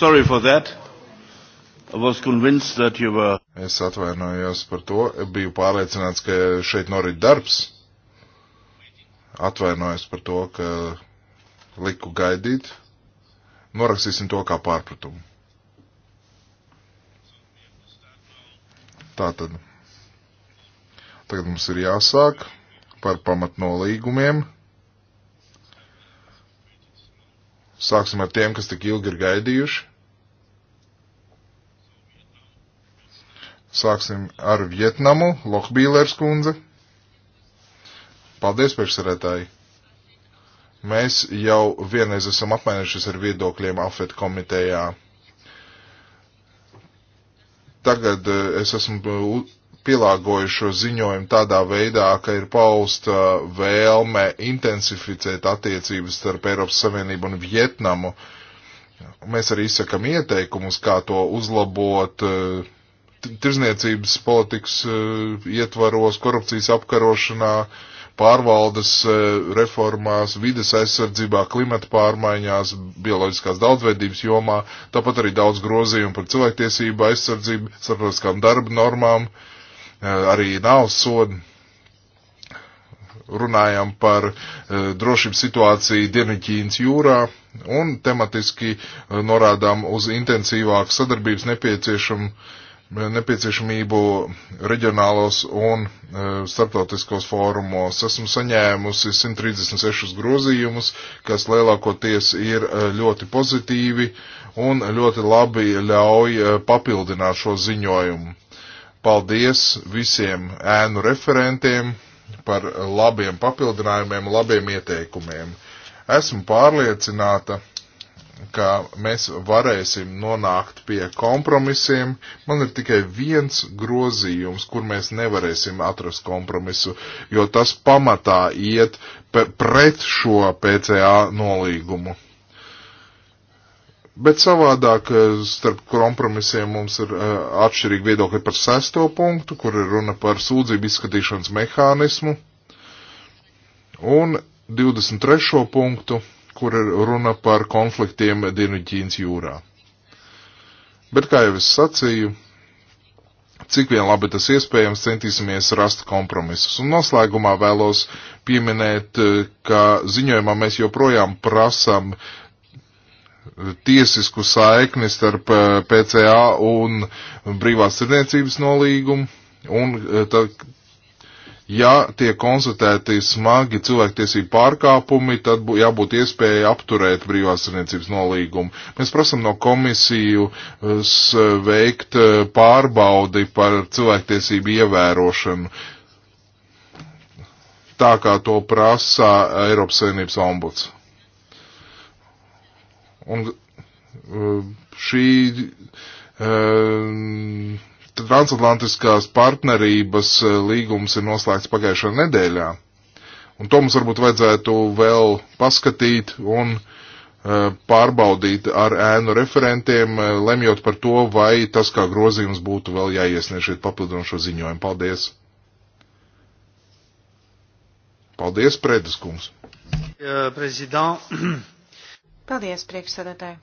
sorry for that. I was convinced that you were. Es atvainojos par to. Biju pārliecināts, ka šeit norit darbs. Atvainojos par to, ka liku gaidīt. Norakstīsim to kā pārpratumu. Tātad. Tagad mums ir jāsāk par pamatnolīgumiem. Sāksim ar tiem, kas tik ilgi ir gaidījuši. Sāksim ar Vietnamu, Lohbīlers kundze. Paldies, priekšsarētāji. Mēs jau vienreiz esam apmainījušies ar viedokļiem AFET komitejā. Tagad eh, es esmu pielāgoju šo ziņojumu tādā veidā, ka ir pausta vēlme intensificēt attiecības starp Eiropas Savienību un Vietnamu. Mēs arī izsakam ieteikumus, kā to uzlabot, eh, tirzniecības politikas eh, ietvaros, korupcijas apkarošanā, pārvaldes eh, reformās, vides aizsardzībā, klimata pārmaiņās, bioloģiskās daudzveidības jomā, tāpat arī daudz grozījumu par cilvēktiesību aizsardzību, starptautiskām darba normām, eh, arī nav sodu. Runājam par drošības situāciju Dienvidķīnas jūrā un tematiski norādām uz intensīvāku sadarbības nepieciešamību nepieciešamību reģionālos un e, starptautiskos fórumos. Esmu saņēmusi 136 grozījumus, kas lielākoties ir e, ļoti pozitīvi un ļoti labi ļauj e, papildināt šo ziņojumu. Paldies visiem ēnu referentiem par labiem papildinājumiem, labiem ieteikumiem. Esmu pārliecināta, ka mēs varēsim nonākt pie kompromisiem. Man ir tikai viens grozījums, kur mēs nevarēsim atrast kompromisu, jo tas pamatā iet pret šo PCA nolīgumu. Bet savādāk eh, starp kompromisiem mums ir eh, atšķirīgi viedokļi par sesto punktu, kur ir runa par sūdzību izskatīšanas mehānismu, un 23. punktu, kur runa par konfliktiem Dienvidķīnas jūrā. Bet, kā jau es sacīju, cik vien labi tas iespējams, centīsimies rast kompromisus. Un noslēgumā vēlos pieminēt, ka ziņojumā mēs joprojām prasam tiesisku saikni starp eh, PCA un brīvās tirniecības nolīgumu. Un eh, tā, Ja tiek konstatēti smagi cilvēktiesību pārkāpumi, tad bū, jābūt iespēja apturēt brīvās saimniecības nolīgumu. Mēs prasam no komisiju veikt e, pārbaudi par cilvēktiesību ievērošanu, tā kā to prasa Eiropas Savienības ombuds. Un e, šī um, transatlantiskās partnerības eh, līgums ir noslēgts pagājušā nedēļā. Un to mums varbūt vajadzētu vēl paskatīt un eh, pārbaudīt ar ēnu referentiem, eh, lemjot par to, vai tas kā grozījums būtu vēl jāiesniedz šeit papildinošo ziņojumu. Paldies! Paldies, Prēdas kungs! Paldies, priekšsēdētāji!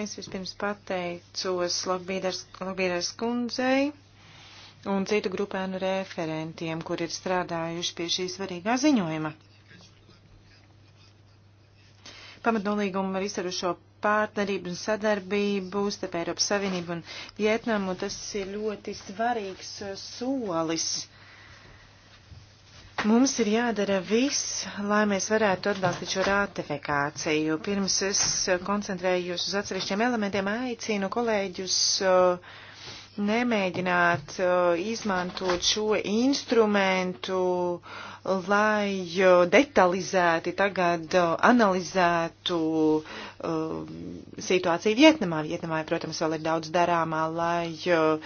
Es vispirms pateicos Logbīdars kundzei un citu grupēnu referentiem, kur ir strādājuši pie šī svarīgā ziņojuma. Pamatnolīguma ar izsarušo partnerību un sadarbību starp Eiropas Savienību un Vietnamu, tas ir ļoti svarīgs solis Mums ir jādara viss, lai mēs varētu atbalstīt šo ratifikāciju. Pirms es koncentrējos uz atsevišķiem elementiem, aicinu kolēģus nemēģināt izmantot šo instrumentu, lai detalizēti tagad analizētu situāciju Vietnamā. Vietnamā, protams, vēl ir daudz darāmā, lai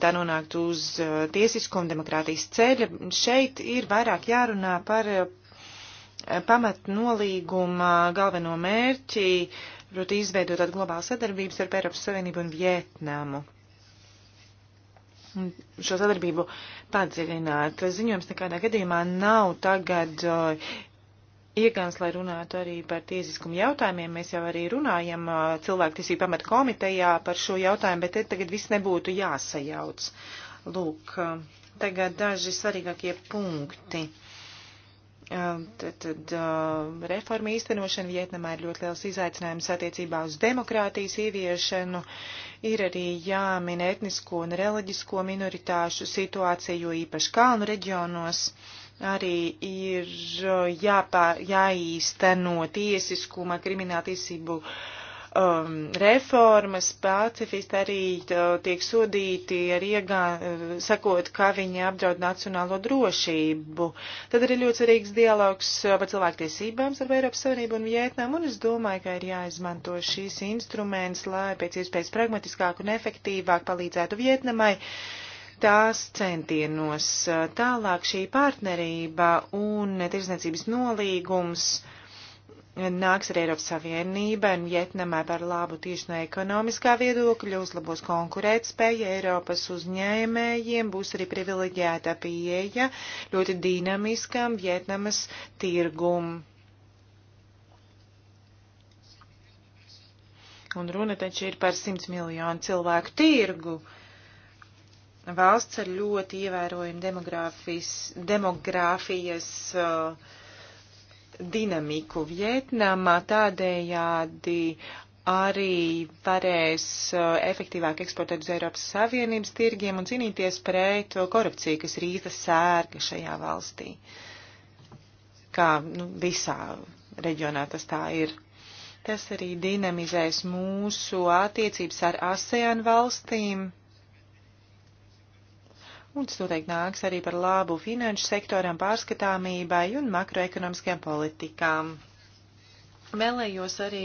tā nonāktu uz uh, tiesisko un demokrātijas ceļa. Šeit ir vairāk jārunā par uh, pamatnolīguma galveno mērķi, proti izveidot tādu globālu sadarbību starp Eiropas Savienību un Vietnamu. Šo sadarbību padziļināt. Ziņojums nekādā gadījumā nav tagad uh, iegans, lai runātu arī par tiesiskumu jautājumiem. Mēs jau arī runājam cilvēktiesību pamata komitejā par šo jautājumu, bet te tagad viss nebūtu jāsajauc. Lūk, tagad daži svarīgākie punkti. Tad, tad reforma īstenošana Vietnamā ir ļoti liels izaicinājums attiecībā uz demokrātijas ieviešanu. Ir arī jāmin etnisko un reliģisko minoritāšu situāciju, jo īpaši kalnu reģionos. Uh, arī ir uh, jāpā, jāīsteno tiesiskuma krimināltiesību um, reformas. Pacifisti arī uh, tiek sodīti ar iegā, uh, sakot, ka viņi apdraud nacionālo drošību. Tad arī ļoti svarīgs dialogs uh, par cilvēktiesībām ar Eiropas Savienību un Vietnamu, un es domāju, ka ir jāizmanto šīs instruments, lai pēc iespējas pragmatiskāk un efektīvāk palīdzētu Vietnamai. Uh, tās centienos. Tālāk šī partnerība un tirsniecības nolīgums nāks ar Eiropas Savienību un Vietnamai par labu tieši no ekonomiskā viedokļa, uzlabos konkurētspēja Eiropas uzņēmējiem, būs arī privileģēta pieeja ļoti dinamiskam Vietnamas tirgum. Un runa taču ir par 100 miljonu cilvēku tirgu. Uh, valsts ar ļoti ievērojumu demogrāfijas uh, dinamiku Vietnamā, tādējādi arī varēs uh, efektīvāk eksportēt uz Eiropas Savienības tirgiem un cīnīties pret korupciju, kas ir īsta sērga šajā valstī. Kā nu, visā reģionā tas tā ir. Tas arī dinamizēs mūsu attiecības ar ASEAN valstīm un tas noteikti nāks arī par labu finanšu sektoram pārskatāmībai un makroekonomiskajām politikām. Vēlējos arī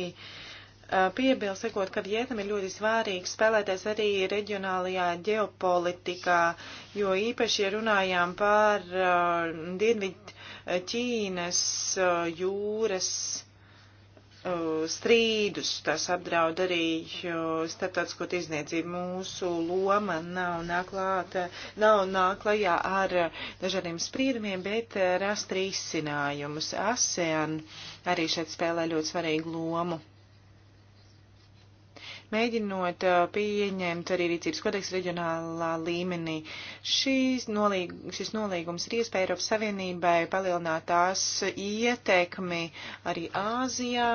piebilst, sakot, ka Vietam ir ļoti svārīgi spēlēties arī reģionālajā ģeopolitikā, jo īpaši, ja runājām par uh, Dienvidu Ķīnas uh, jūras Uh, strīdus, tas apdraud arī uh, starptautisko tirzniecību. Mūsu loma nav nāklāta, nav nāklajā ar uh, dažādiem sprīdumiem, bet rast risinājumus. ASEAN arī šeit spēlē ļoti svarīgu lomu mēģinot pieņemt arī rīcības kodeksu reģionālā līmenī. Šīs nolīg, šis nolīgums ir iespēja Eiropas Savienībai palielināt tās ietekmi arī Āzijā,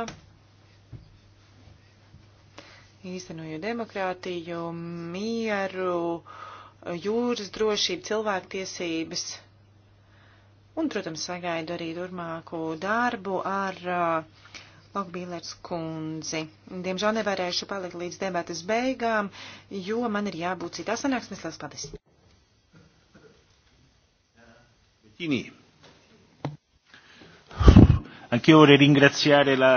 īstenojot demokrātiju, mieru, jūras drošību, cilvēktiesības. Un, protams, sagaidu arī turmāku darbu ar uh, Lokbīlers kundzi. Diemžēl nevarēšu palikt līdz debatas beigām, jo man ir jābūt citā sanāksmēs. Lielas paldies! Bettini. Anche io ringraziare la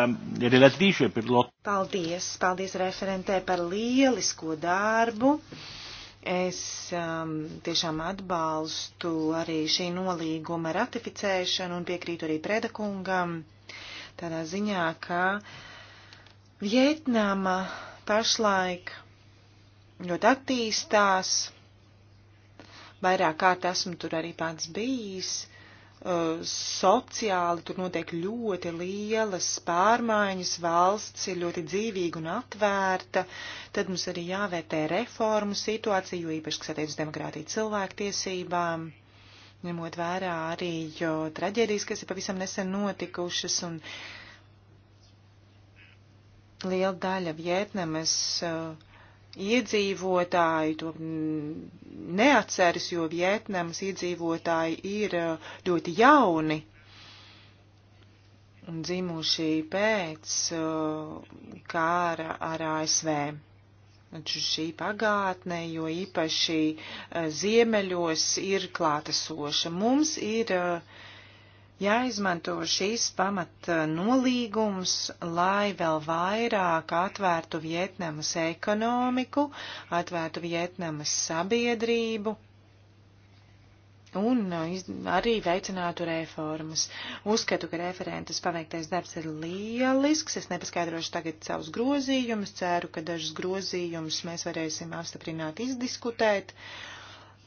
relatrice per l'otto. Paldies, paldies referentē par lielisko darbu. Es um, tiešām atbalstu arī šī nolīguma ratificēšanu un piekrītu arī predakungam tādā ziņā, ka Vietnama pašlaik ļoti attīstās, vairāk kārt esmu tur arī pats bijis, uh, sociāli tur notiek ļoti lielas pārmaiņas, valsts ir ļoti dzīvīga un atvērta, tad mums arī jāvērtē reformu situāciju, jo īpaši, kas attiec uz demokrātiju cilvēktiesībām. tiesībām ņemot vērā arī traģēdijas, kas ir pavisam nesen notikušas, un liela daļa Vietnamas uh, iedzīvotāju to neatceras, jo Vietnamas iedzīvotāji ir uh, ļoti jauni un dzimuši pēc uh, kāra ar ASV šī pagātne, jo īpaši e, ziemeļos ir klātesoša. Mums ir e, jāizmanto šīs pamat e, nolīgums, lai vēl vairāk atvērtu Vietnamas ekonomiku, atvērtu Vietnamas sabiedrību un uh, arī veicinātu reformas. Uzskatu, ka referentes paveiktais darbs ir lielisks. Es nepaskaidrošu tagad savus grozījumus. Ceru, ka dažus grozījumus mēs varēsim apstiprināt, izdiskutēt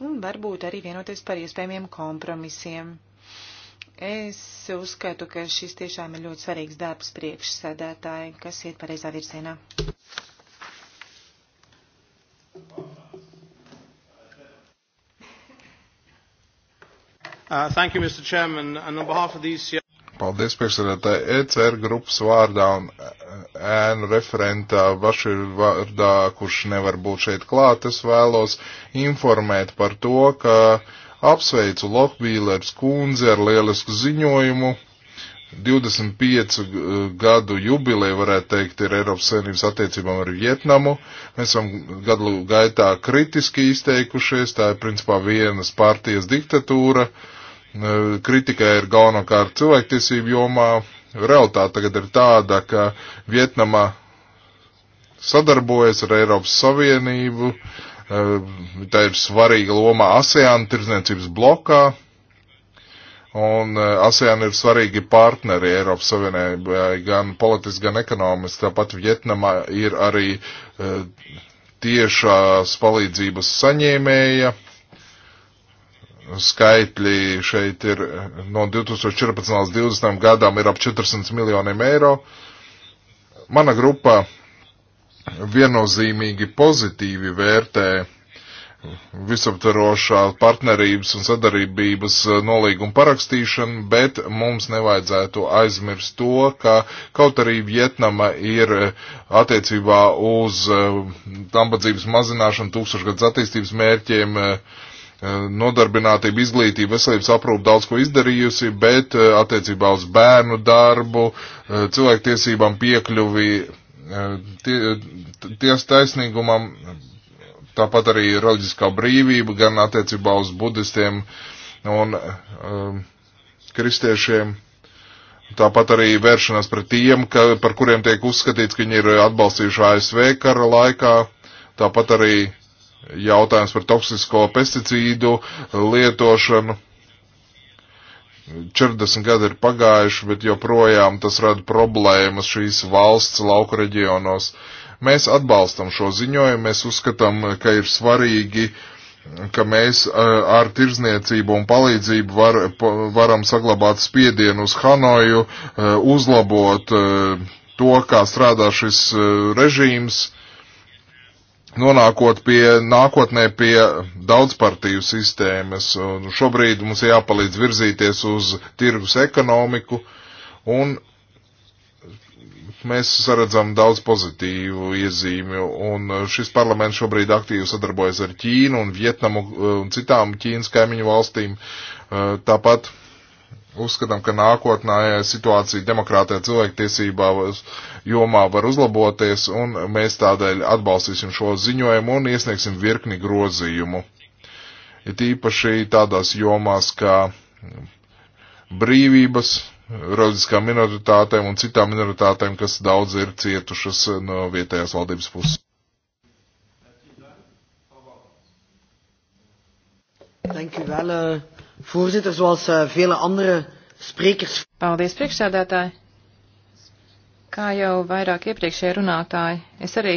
un varbūt arī vienoties par iespējamiem kompromisiem. Es uzskatu, ka šis tiešām ir ļoti svarīgs darbs priekšsēdētāji, kas iet pareizā virzienā. Wow. Uh, thank you, Mr. Chairman. And on behalf of the ECR... Paldies, priekšsēdētāji. ECR grupas vārdā un uh, ēnu referenta Bašīra vārdā, kurš nevar būt šeit klāt, es vēlos informēt par to, ka apsveicu Lohbīlers kundzi ar lielisku ziņojumu. 25 uh, gadu jubileja, varētu teikt, ir Eiropas Savienības attiecībām ar Vietnamu. Mēs esam gadu gaitā kritiski izteikušies, tā ir principā vienas partijas diktatūra. Uh, Kritika ir galvenokārt cilvēktiesību jomā. Realtāte tagad ir tāda, ka Vietnama sadarbojas ar Eiropas Savienību, e, tā ir svarīga loma ASEAN tirdzniecības blokā, un e, ASEAN ir svarīgi partneri Eiropas Savienībai, gan politiski, gan ekonomiski, tāpat Vietnamā ir arī e, tiešās palīdzības saņēmēja skaitļi šeit ir no 2014. līdz 2020. gadam ir ap 400 miljoniem eiro. Mana grupa viennozīmīgi pozitīvi vērtē visaptvarošā partnerības un sadarbības e, nolīguma parakstīšanu, bet mums nevajadzētu aizmirst to, ka kaut arī Vietnama ir e, attiecībā uz e, nabadzības mazināšanu, tūkstošgads attīstības mērķiem uh, Eh, nodarbinātība, izglītība, veselības aprūpa daudz ko izdarījusi, bet eh, attiecībā uz bērnu darbu, eh, cilvēktiesībām piekļuvi tie, ties taisnīgumam, tāpat arī reliģiskā brīvība gan attiecībā uz budistiem un um, kristiešiem. Tāpat arī vēršanās pret tiem, ka, par kuriem tiek uzskatīts, ka viņi ir atbalstījuši ASV kara laikā. Tāpat arī jautājums par toksisko pesticīdu lietošanu. 40 gadi ir pagājuši, bet joprojām tas rada problēmas šīs valsts lauku reģionos. Mēs atbalstam šo ziņojumu, mēs uzskatām, ka ir svarīgi, ka mēs ar tirzniecību un palīdzību var, varam saglabāt spiedienu uz Hanoju, uzlabot to, kā strādā šis režīms nonākot pie nākotnē pie daudzpartiju sistēmas. Un šobrīd mums jāpalīdz virzīties uz tirgus ekonomiku un mēs saredzam daudz pozitīvu iezīmju, un šis parlaments šobrīd aktīvi sadarbojas ar Ķīnu un Vietnamu uh, un citām Ķīnas kaimiņu valstīm. Uh, tāpat Uzskatām, ka nākotnē situācija demokrātē cilvēktiesībā jomā var uzlaboties, un mēs tādēļ atbalstīsim šo ziņojumu un iesniegsim virkni grozījumu. Ir tīpaši tādās jomās, kā brīvības, rodiskām minoritātēm un citām minoritātēm, kas daudz ir cietušas no vietējās valdības puses. Thank you, Vala. Voorzitter, zoals uh, vele andere sprekers. Paldies, priekšsēdētāji. Kā jau vairāk iepriekšēji runātāji, es arī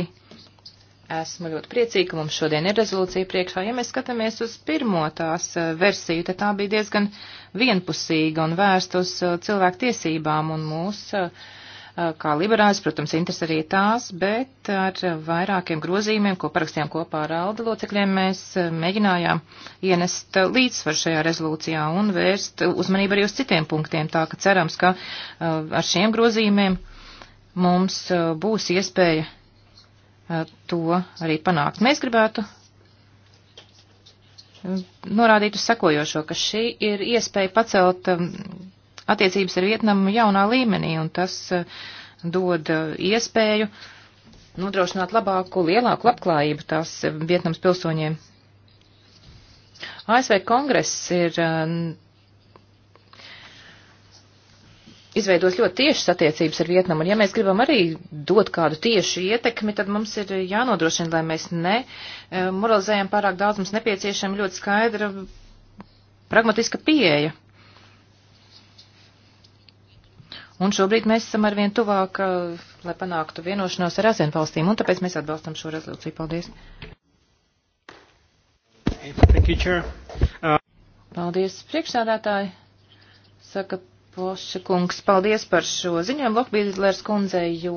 esmu ļoti priecīga, ka mums šodien ir rezolūcija priekšā. Ja mēs skatāmies uz pirmo tās eh, versiju, tad tā bija diezgan vienpusīga un vērsta uz eh, cilvēku tiesībām un mūsu. Uh, Eh, kā liberāļs, protams, interes arī tās, bet ar vairākiem grozījumiem, ko parakstījām kopā ar Alda locekļiem, mēs eh, mēģinājām ienest līdzsvaru šajā rezolūcijā un vērst uzmanību arī uz citiem punktiem, tā ka cerams, ka eh, ar šiem grozījumiem mums būs iespēja to arī panākt. Mēs gribētu norādīt uz sekojošo, ka šī ir iespēja pacelt attiecības ar Vietnamu jaunā līmenī, un tas eh, dod eh, iespēju nodrošināt labāku, lielāku labklājību tās eh, Vietnams pilsoņiem. ASV kongress ir izveidos ļoti tiešas attiecības ar Vietnamu, un ja mēs gribam arī dot kādu tiešu ietekmi, tad mums ir jānodrošina, lai mēs ne moralizējam pārāk daudz, mums nepieciešama ļoti skaidra pragmatiska pieeja. Un šobrīd mēs esam arvien tuvāk, eh, lai panāktu vienošanos ar ASEAN valstīm, un tāpēc mēs atbalstam šo rezolūciju. Paldies! Uh, paldies, priekšsādātāji! Saka Poša kungs, paldies par šo ziņojumu Lokbīdlers kundzei, jo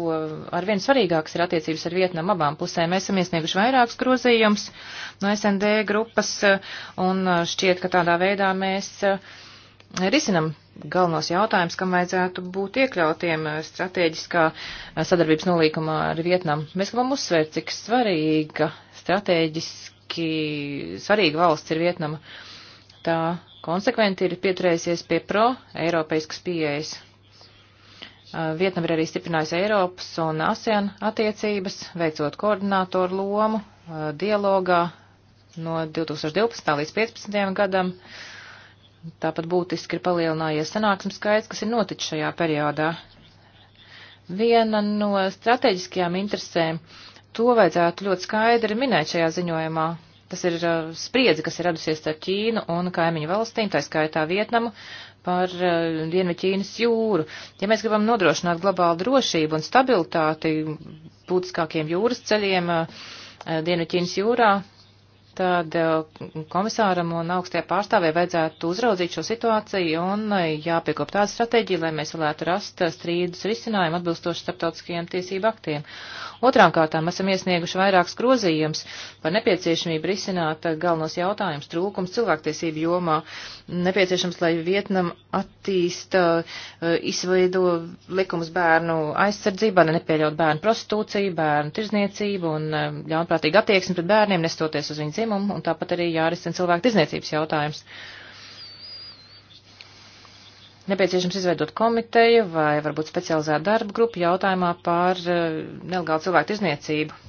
arvien svarīgāks ir attiecības ar Vietnam abām pusēm. Mēs esam iesnieguši vairākus grozījumus no SND grupas, eh, un eh, šķiet, ka tādā veidā mēs risinam galvenos jautājumus, kam vajadzētu būt iekļautiem eh, strateģiskā eh, sadarbības nolīkumā ar Vietnamu. Mēs gribam uzsvērt, cik svarīga strateģiski svarīga valsts ir Vietnama. Tā konsekventi ir pieturējusies pie pro-eiropeiskas pieejas. Eh, Vietnam ir arī stiprinājusi Eiropas un ASEAN attiecības, veicot koordinātoru lomu dialogā no 2012. līdz 2015. gadam. Uh, Tāpat būtiski ir palielinājies sanāksmes skaits, kas ir noticis šajā periodā. Viena no strateģiskajām interesēm to vajadzētu ļoti skaidri minēt šajā ziņojumā. Tas ir uh, spriedzi, kas ir radusies starp Ķīnu un kaimiņu valstīm, tā skaitā Vietnamu, par uh, Dienvidķīnas jūru. Ja mēs gribam nodrošināt globālu drošību un stabilitāti būtiskākiem jūras ceļiem uh, Dienvidķīnas jūrā, tad eh, komisāram un augstajā pārstāvē vajadzētu uzraudzīt šo situāciju un eh, jāpiekop tāda stratēģija, lai mēs varētu rast eh, strīdus risinājumu atbilstoši starptautiskajiem tiesību aktiem. Otrām kārtām esam iesnieguši vairākas grozījums par nepieciešamību risināt galvenos jautājumus trūkums cilvēktiesību jomā. Nepieciešams, lai Vietnam attīsta, izveido likumus bērnu aizsardzībā, ne nepieļaut bērnu prostitūciju, bērnu tirzniecību un ļaunprātīgu attieksmi pret bērniem, nestoties uz viņu dzīvi dzimumu, un tāpat arī jārisina cilvēku tirzniecības jautājums. Nepieciešams izveidot komiteju vai varbūt specializētu darbu grupu jautājumā par eh, nelegālu cilvēku tirzniecību.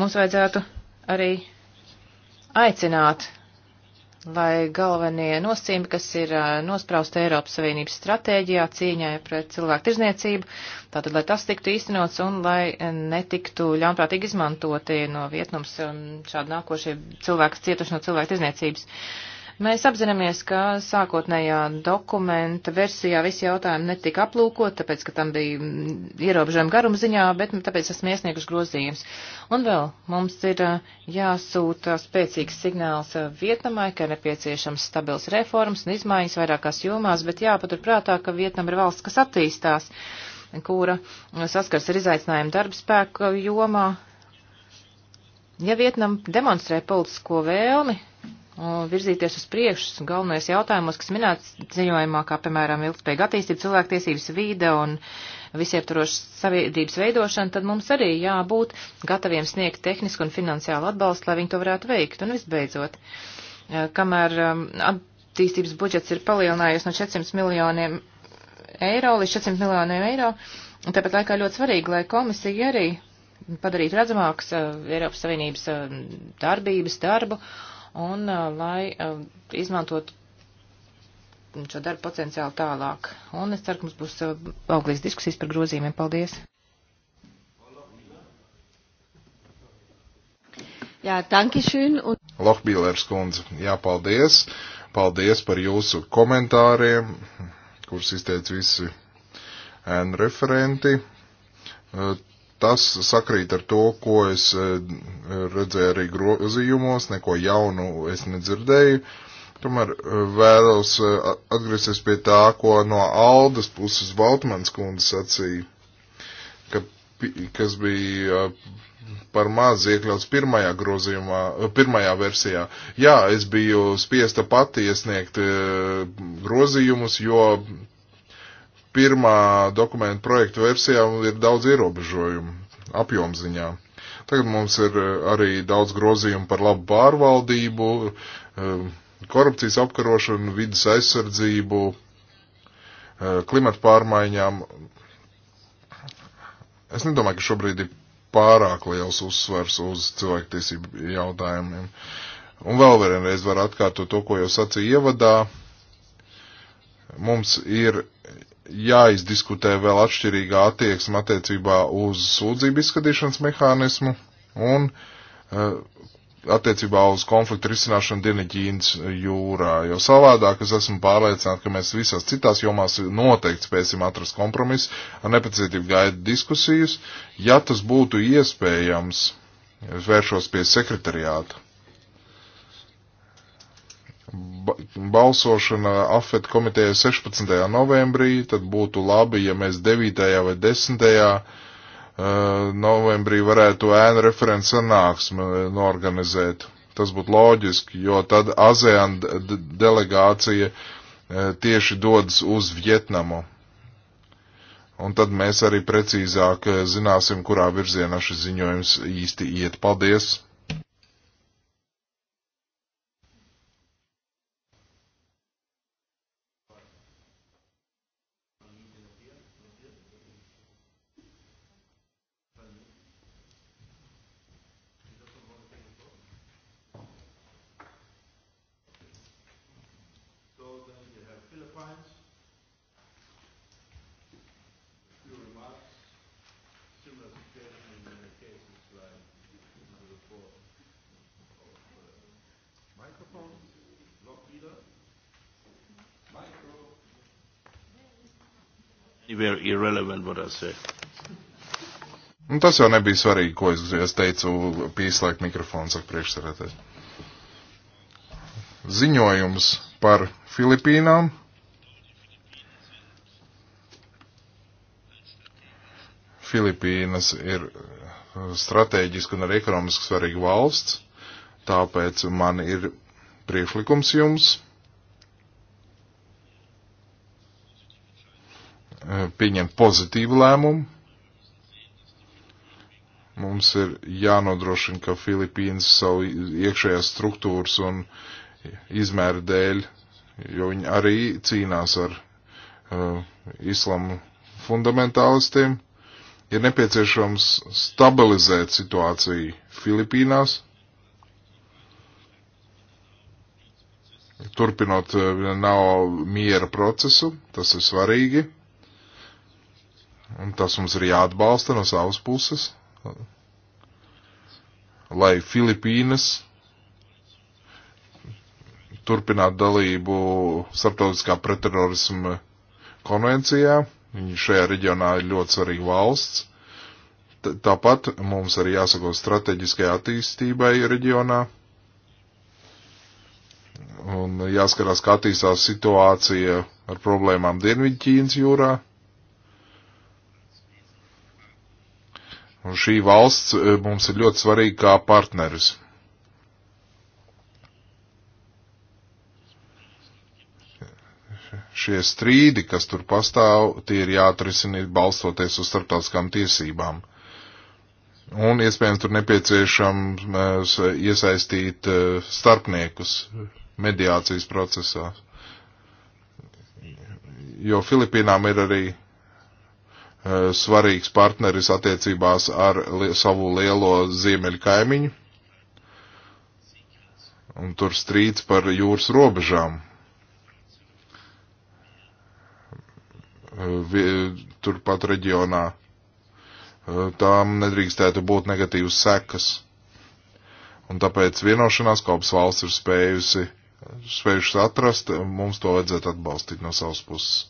Mums vajadzētu arī aicināt lai galvenie nosacījumi, kas ir nosprausti Eiropas Savienības stratēģijā cīņai pret cilvēku tirzniecību, tātad, lai tas tiktu īstenots un lai netiktu ļaunprātīgi izmantoti no vietnums um, šādi nākošie cilvēki cietuši no cilvēku tirzniecības. Uh, Mēs apzināmies, ka sākotnējā dokumenta versijā visi jautājumi netika aplūkot, tāpēc, ka tam bija mm, ierobežojumi garuma ziņā, bet nu, tāpēc esmu iesnieguši grozījums. Un vēl mums ir jāsūta spēcīgs signāls Vietnamai, ka ir nepieciešams stabils reformas un izmaiņas vairākās jomās, bet jāpaturprātā, ka Vietnam ir valsts, kas attīstās, kura saskars ar izaicinājumu darbspēku jomā. Ja Vietnam demonstrē politisko vēlmi virzīties uz priekšu galvenais jautājumos, kas minēts ziņojumā, kā piemēram ilgspējīga attīstība, cilvēktiesības vīde un visieptaroša saviedrības veidošana, tad mums arī jābūt gataviem sniegt tehnisku un finansiālu atbalstu, lai viņi to varētu veikt. Un visbeidzot, e, kamēr um, attīstības budžets ir palielinājies no 400 miljoniem eiro līdz 400 miljoniem eiro, tāpat laikā ļoti svarīgi, lai komisija arī padarītu redzamākas e, Eiropas Savienības e, darbības darbu un uh, lai uh, izmantot šo darbu potenciāli tālāk. Un es ceru, ka mums būs uh, auglīgas diskusijas par grozījumiem. Paldies! Jā, tankišīn. Un... Lohbīlērs kundze, jā, paldies. Paldies par jūsu komentāriem, kurus izteica visi ēnu referenti tas sakrīt ar to, ko es e, redzēju arī grozījumos, neko jaunu es nedzirdēju. Tomēr e, vēlos e, atgriezties pie tā, ko no Aldas puses Valtmans kundze sacīja, ka, kas bija par maz iekļauts pirmajā grozījumā, pirmajā versijā. Jā, es biju spiesta pati iesniegt grozījumus, jo pirmā dokumenta projekta versijā ir daudz ierobežojumu apjomziņā. Tagad mums ir eh, arī daudz grozījumu par labu pārvaldību, eh, korupcijas apkarošanu, vidas aizsardzību, eh, klimatu pārmaiņām. Es nedomāju, ka šobrīd ir pārāk liels uzsvars uz cilvēktiesību jautājumiem. Un vēl vienreiz var atkārtot to, ko jau sacīja ievadā. Mums ir jāizdiskutē vēl atšķirīgā attieksme attiecībā uz sūdzību izskatīšanas mehānismu un uh, attiecībā uz konfliktu risināšanu Dienvidķīnas jūrā, jo savādāk es esmu pārliecināts, ka mēs visās citās jomās noteikti spēsim atrast kompromisu, ar nepacietību gaidu diskusijas, ja tas būtu iespējams, es vēršos pie sekretariāta balsošana AFET komitejā 16. novembrī, tad būtu labi, ja mēs 9. vai 10. Eh, novembrī varētu ēnu referents sanāksmi eh, norganizēt. Tas būtu loģiski, jo tad ASEAN delegācija eh, tieši dodas uz Vietnamu. Un tad mēs arī precīzāk zināsim, kurā virzienā šis ziņojums īsti iet. Paldies! anywhere irrelevant what I say. Un nu, tas jau nebija svarīgi, ko es, es teicu, pieslēgt mikrofonu, saka priekšsarētājs. Ziņojums par Filipīnām. Filipīnas ir uh, strateģiski un arī ekonomiski svarīga valsts, tāpēc man ir priekšlikums jums Eh, pieņemt pozitīvu lēmumu. Mums ir jānodrošina, ka Filipīnas savu iekšējās struktūras un izmēru dēļ, jo viņi arī cīnās ar uh, islamu fundamentālistiem, ir nepieciešams stabilizēt situāciju Filipīnās, turpinot eh, nav miera procesu, tas ir svarīgi. Un tas mums ir jāatbalsta no savas puses, lai Filipīnas turpinātu dalību starptautiskā pretterorisma konvencijā. Viņa šajā reģionā ir ļoti svarīga valsts. T Tāpat mums arī jāsako strateģiskai attīstībai reģionā. Un jāskarās, kā attīstās situācija ar problēmām Dienvidķīnas jūrā Un šī valsts eh, mums ir ļoti svarīga kā partneris. Šie strīdi, kas tur pastāv, tie ir jāatrisina balstoties uz starptautiskām tiesībām. Un iespējams tur nepieciešams eh, iesaistīt eh, starpniekus mediācijas procesā. Jo Filipīnām ir arī Eh, svarīgs partneris attiecībās ar li savu lielo ziemeļu kaimiņu. Un tur strīds par jūras robežām. Eh, vi, turpat reģionā. Eh, tām nedrīkstētu būt negatīvas sekas. Un tāpēc vienošanās kopas valsts ir spējusi, spējušas atrast, mums to vajadzētu atbalstīt no savas puses.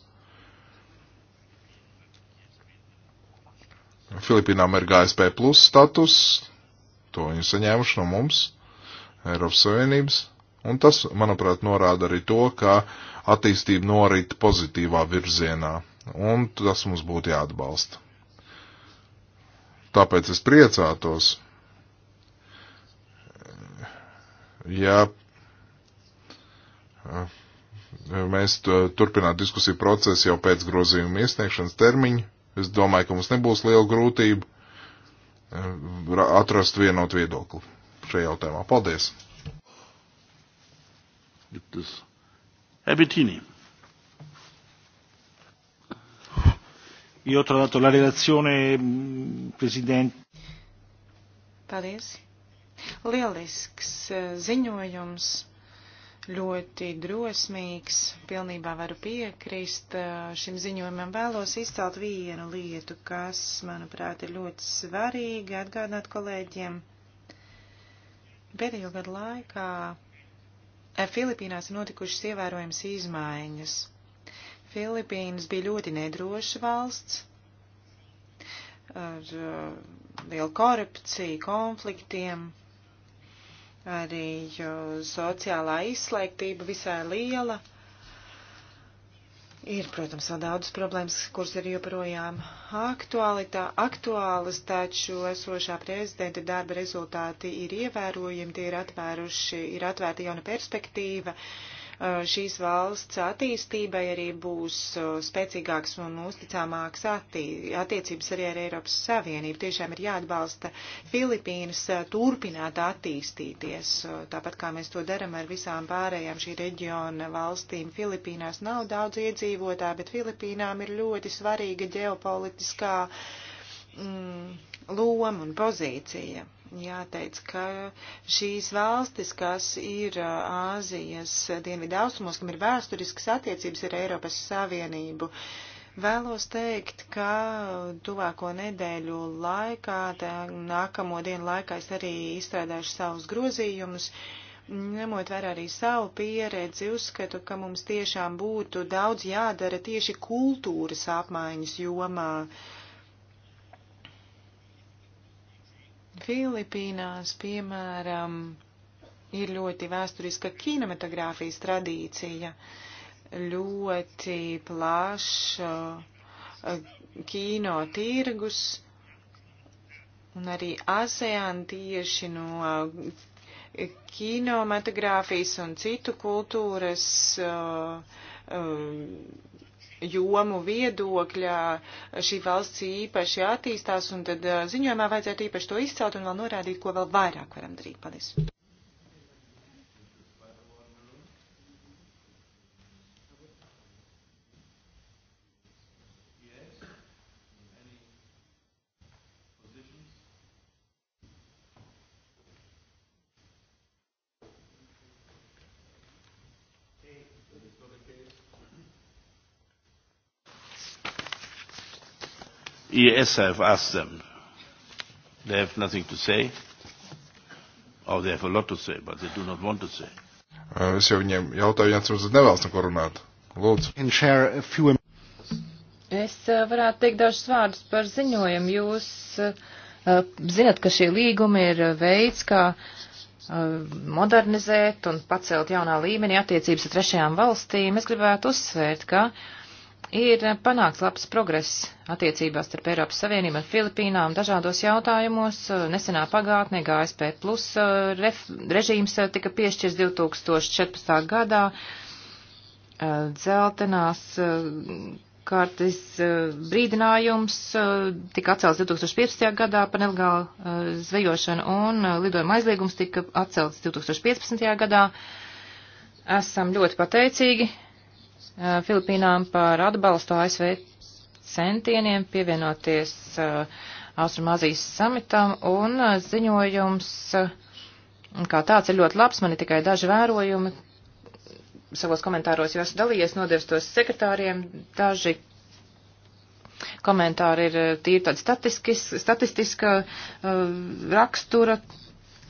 Filipīnām ir GSP plus status, to viņi saņēmuši no mums, Eiropas Savienības, un tas, manuprāt, norāda arī to, ka attīstība norit pozitīvā virzienā, un tas mums būtu jāatbalsta. Tāpēc es priecātos, ja mēs turpinātu diskusiju procesu jau pēc grozījuma iesniegšanas termiņa Es domāju, ka mums nebūs liela grūtība eh, atrast vienotu viedokli šajā jautājumā. Paldies! Abitini. Io ho trovato la relazione, mm, Presidente. Paldies. Lielisks eh, ziņojums ļoti drosmīgs, pilnībā varu piekrist šim ziņojumam. Vēlos izcelt vienu lietu, kas, manuprāt, ir ļoti svarīgi atgādināt kolēģiem. Pēdējo gadu laikā Filipīnās ir notikušas ievērojams izmaiņas. Filipīnas bija ļoti nedroša valsts ar lielu korupciju, konfliktiem Arī sociālā izslēgtība visai liela. Ir, protams, vēl daudz problēmas, kuras ir joprojām aktualitā, aktuālas, taču esošā prezidenta darba rezultāti ir ievērojami, tie ir atvēruši, ir atvērta jauna perspektīva. Uh, Eh, šīs valsts attīstībai arī būs eh, spēcīgāks un uzticamāks attī attiecības arī ar Eiropas Savienību. Tiešām ir jāatbalsta Filipīnas eh, turpināt attīstīties, tāpat kā mēs to daram ar visām pārējām šī reģiona valstīm. Filipīnās nav daudz iedzīvotāju, bet Filipīnām ir ļoti svarīga ģeopolitiskā mm, loma un pozīcija jāteic, ka šīs valstis, kas ir Āzijas dienvidu austrumos, kam ir vēsturiskas attiecības ar Eiropas Savienību, vēlos teikt, ka tuvāko nedēļu laikā, tā, nākamo dienu laikā es arī izstrādāšu savus grozījumus. Ņemot vērā arī savu pieredzi, uzskatu, ka mums tiešām būtu daudz jādara tieši kultūras apmaiņas jomā. Uh, Filipīnās, piemēram, ir ļoti vēsturiska kinematogrāfijas tradīcija, ļoti plašs eh, kino tirgus, un arī ASEAN tieši no eh, kinematogrāfijas un citu kultūras uh, uh, jomu viedokļa šī valsts īpaši attīstās, un tad ziņojumā vajadzētu īpaši to izcelt un vēl norādīt, ko vēl vairāk varam darīt. Paldies! EES have asked them. They have nothing to say, or oh, they have a lot to say, but they do not want to say. Uh, es jau viņiem jautāju, viens jums nevēlas neko runāt. Lūdzu. Es uh, varētu teikt dažus vārdus par ziņojumu. Jūs uh, zinat, ka šie līgumi ir veids, kā modernizēt un pacelt jaunā līmenī attiecības ar trešajām valstīm. Es gribētu uzsvērt, ka uh, ir panākts labs progress attiecībās starp Eiropas Savienību un Filipīnām dažādos jautājumos. Nesenā pagātnē GSP plus uh, ref, režīms uh, tika piešķirs 2014. gadā. Uh, dzeltenās kārtas brīdinājums tika atcelts 2015. gadā par nelegālu zvejošanu un lidojuma aizliegums tika atcelts 2015. gadā. Esam ļoti pateicīgi Filipīnām par atbalstu ASV centieniem pievienoties Austrumāzijas samitam un ziņojums kā tāds ir ļoti labs, man ir tikai daži vērojumi. Savos komentāros jau esmu dalījies, nodevis tos sekretāriem. Daži komentāri ir tīri tāda statistiska uh, rakstura,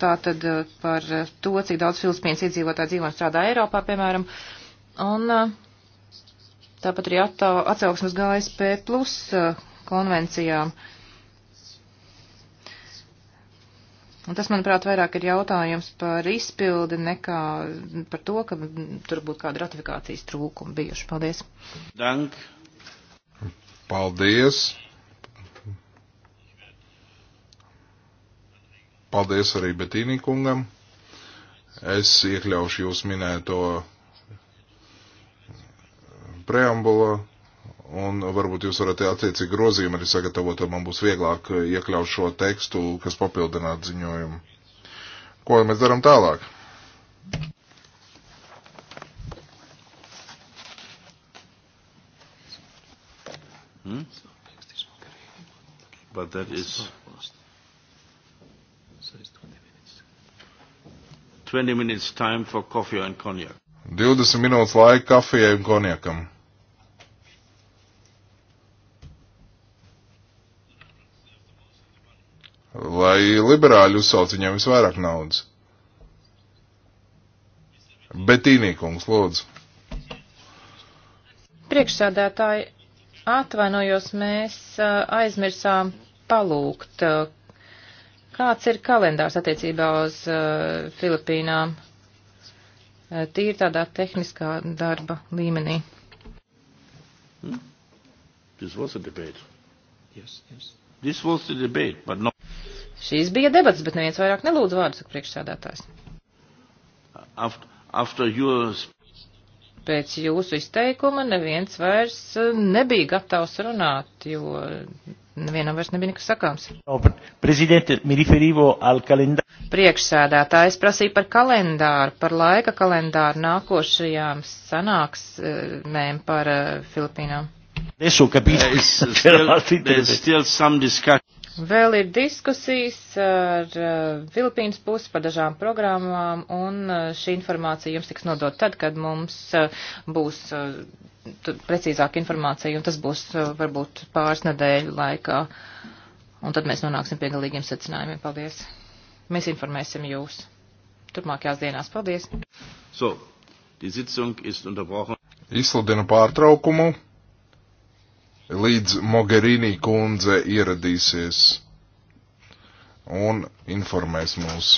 tātad uh, par to, cik daudz Filipīnas iedzīvotāji dzīvo un strādā Eiropā, piemēram. Un uh, tāpat arī atsauksmes GSP plus uh, konvencijām. Un tas, manuprāt, vairāk ir jautājums par izpildi nekā par to, ka tur būtu kāda ratifikācijas trūkuma bijuši. Paldies. Dank. Paldies. Paldies arī Betīnī kungam. Es iekļaušu jūs minēto preambula, un varbūt jūs varat attiecīgi grozījumu arī sagatavot, tad man būs vieglāk eh, iekļaut šo tekstu, kas papildinātu ziņojumu. Ko mēs darām tālāk? Hmm? But that is 20 minutes time for coffee and cognac. 20 minūtes laika kafijai un konjakam. lai liberāļi uzsauc viņam visvairāk naudas. Betīnīkums, lūdzu. Priekšsādātāji, atvainojos, mēs aizmirsām palūgt, kāds ir kalendārs attiecībā uz Filipīnām. Tīri tādā tehniskā darba līmenī. Hmm? This was a debate. Yes, yes. This was the debate, but not. Šīs bija debats, bet neviens vairāk nelūdz vārdu, saka priekšsādātājs. After, after your... Pēc jūsu izteikuma neviens vairs eh, nebija gatavs runāt, jo nevienam vairs nebija nekas sakāms. No, Priekšsēdētājs prasīja par kalendāru, par laika kalendāru nākošajām sanāksmēm par eh, Filipīnām. Es jau kapītu. Vēl ir diskusijas ar eh, Filipīnas pusi par dažām programmām, un eh, šī informācija jums tiks nodot tad, kad mums eh, būs precīzāka informācija, un tas būs varbūt pāris nedēļu laikā, un tad mēs nonāksim pie galīgiem secinājumiem. Paldies! Mēs informēsim jūs turpmākajās dienās. Paldies! So, Izsludinu pārtraukumu līdz Mogherini kundze ieradīsies un informēs mūs.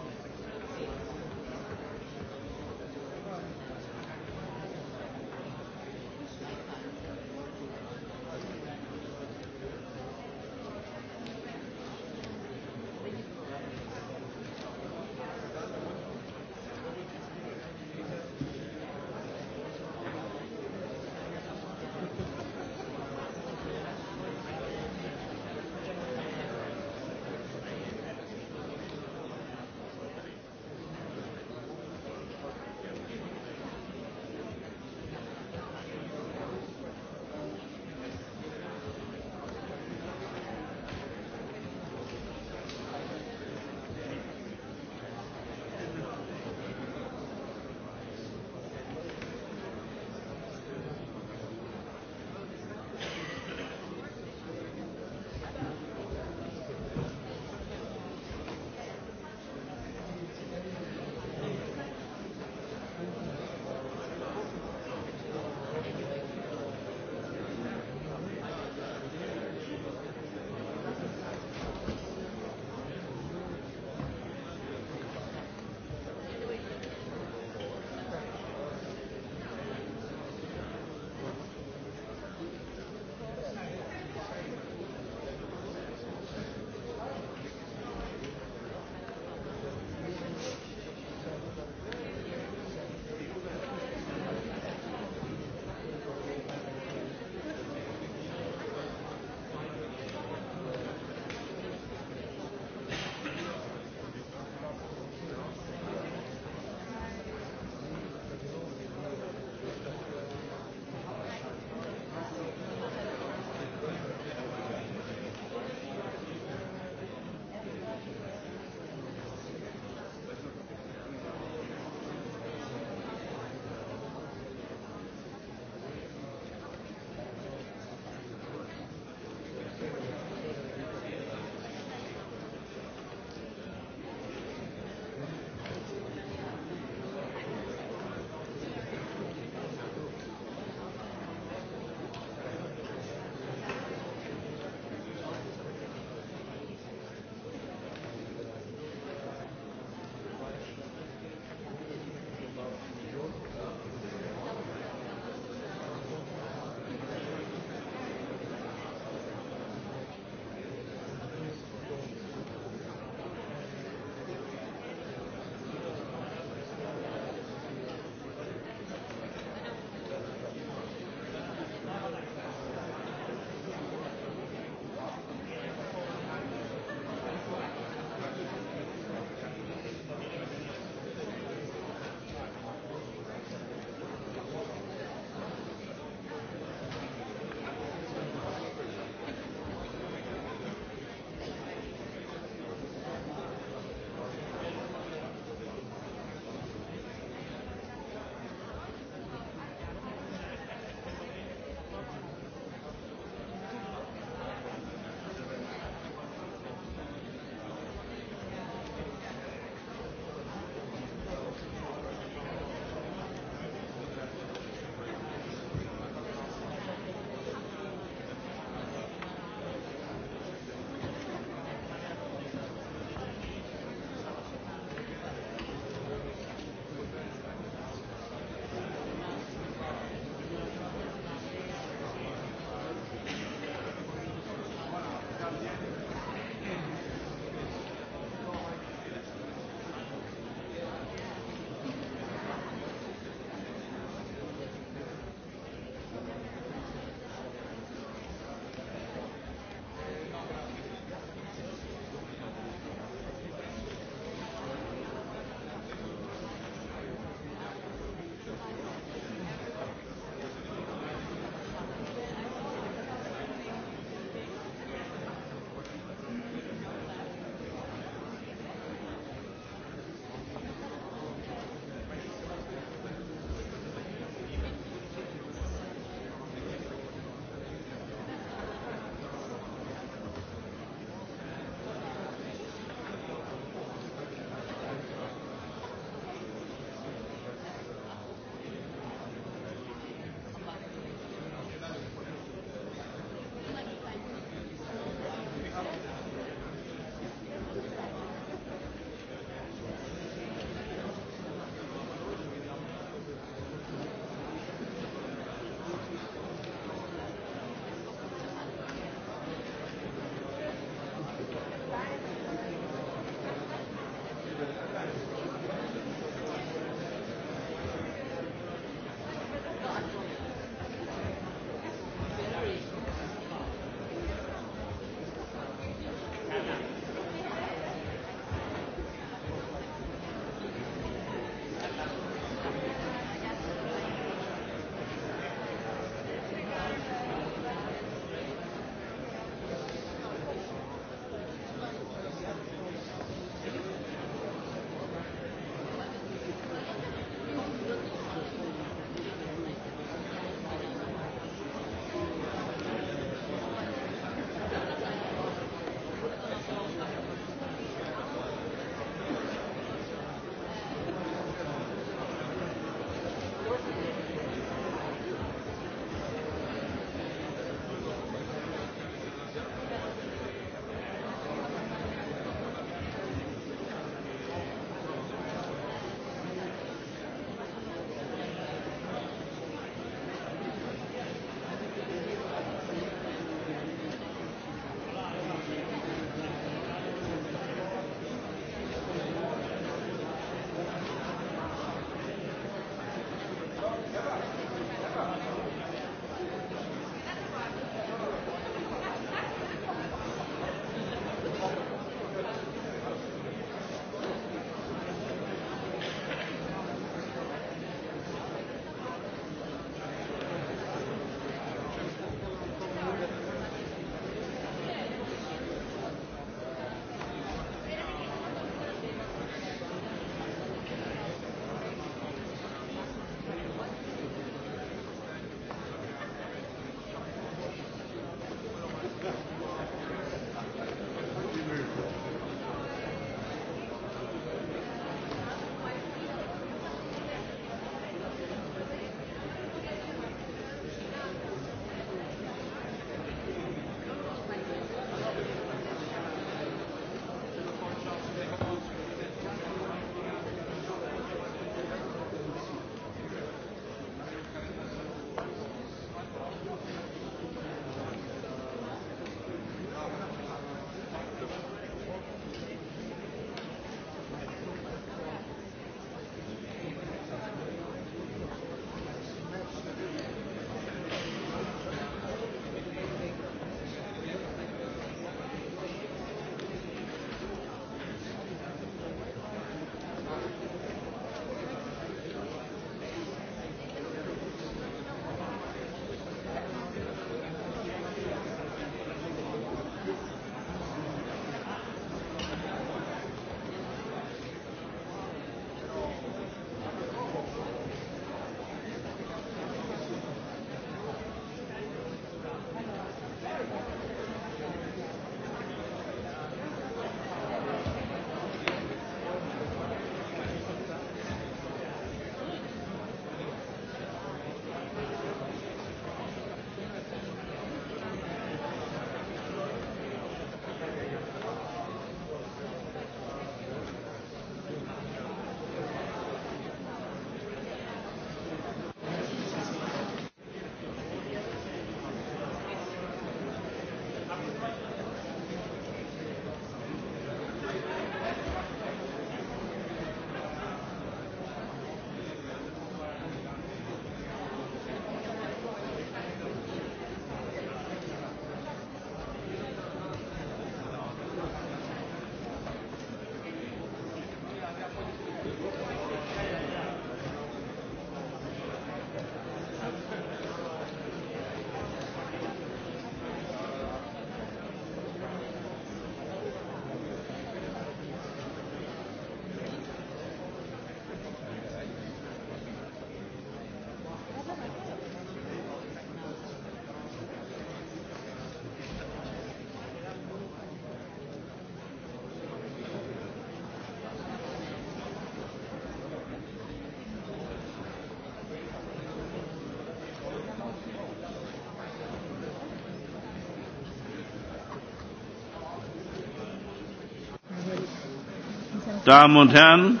Damen und Herren,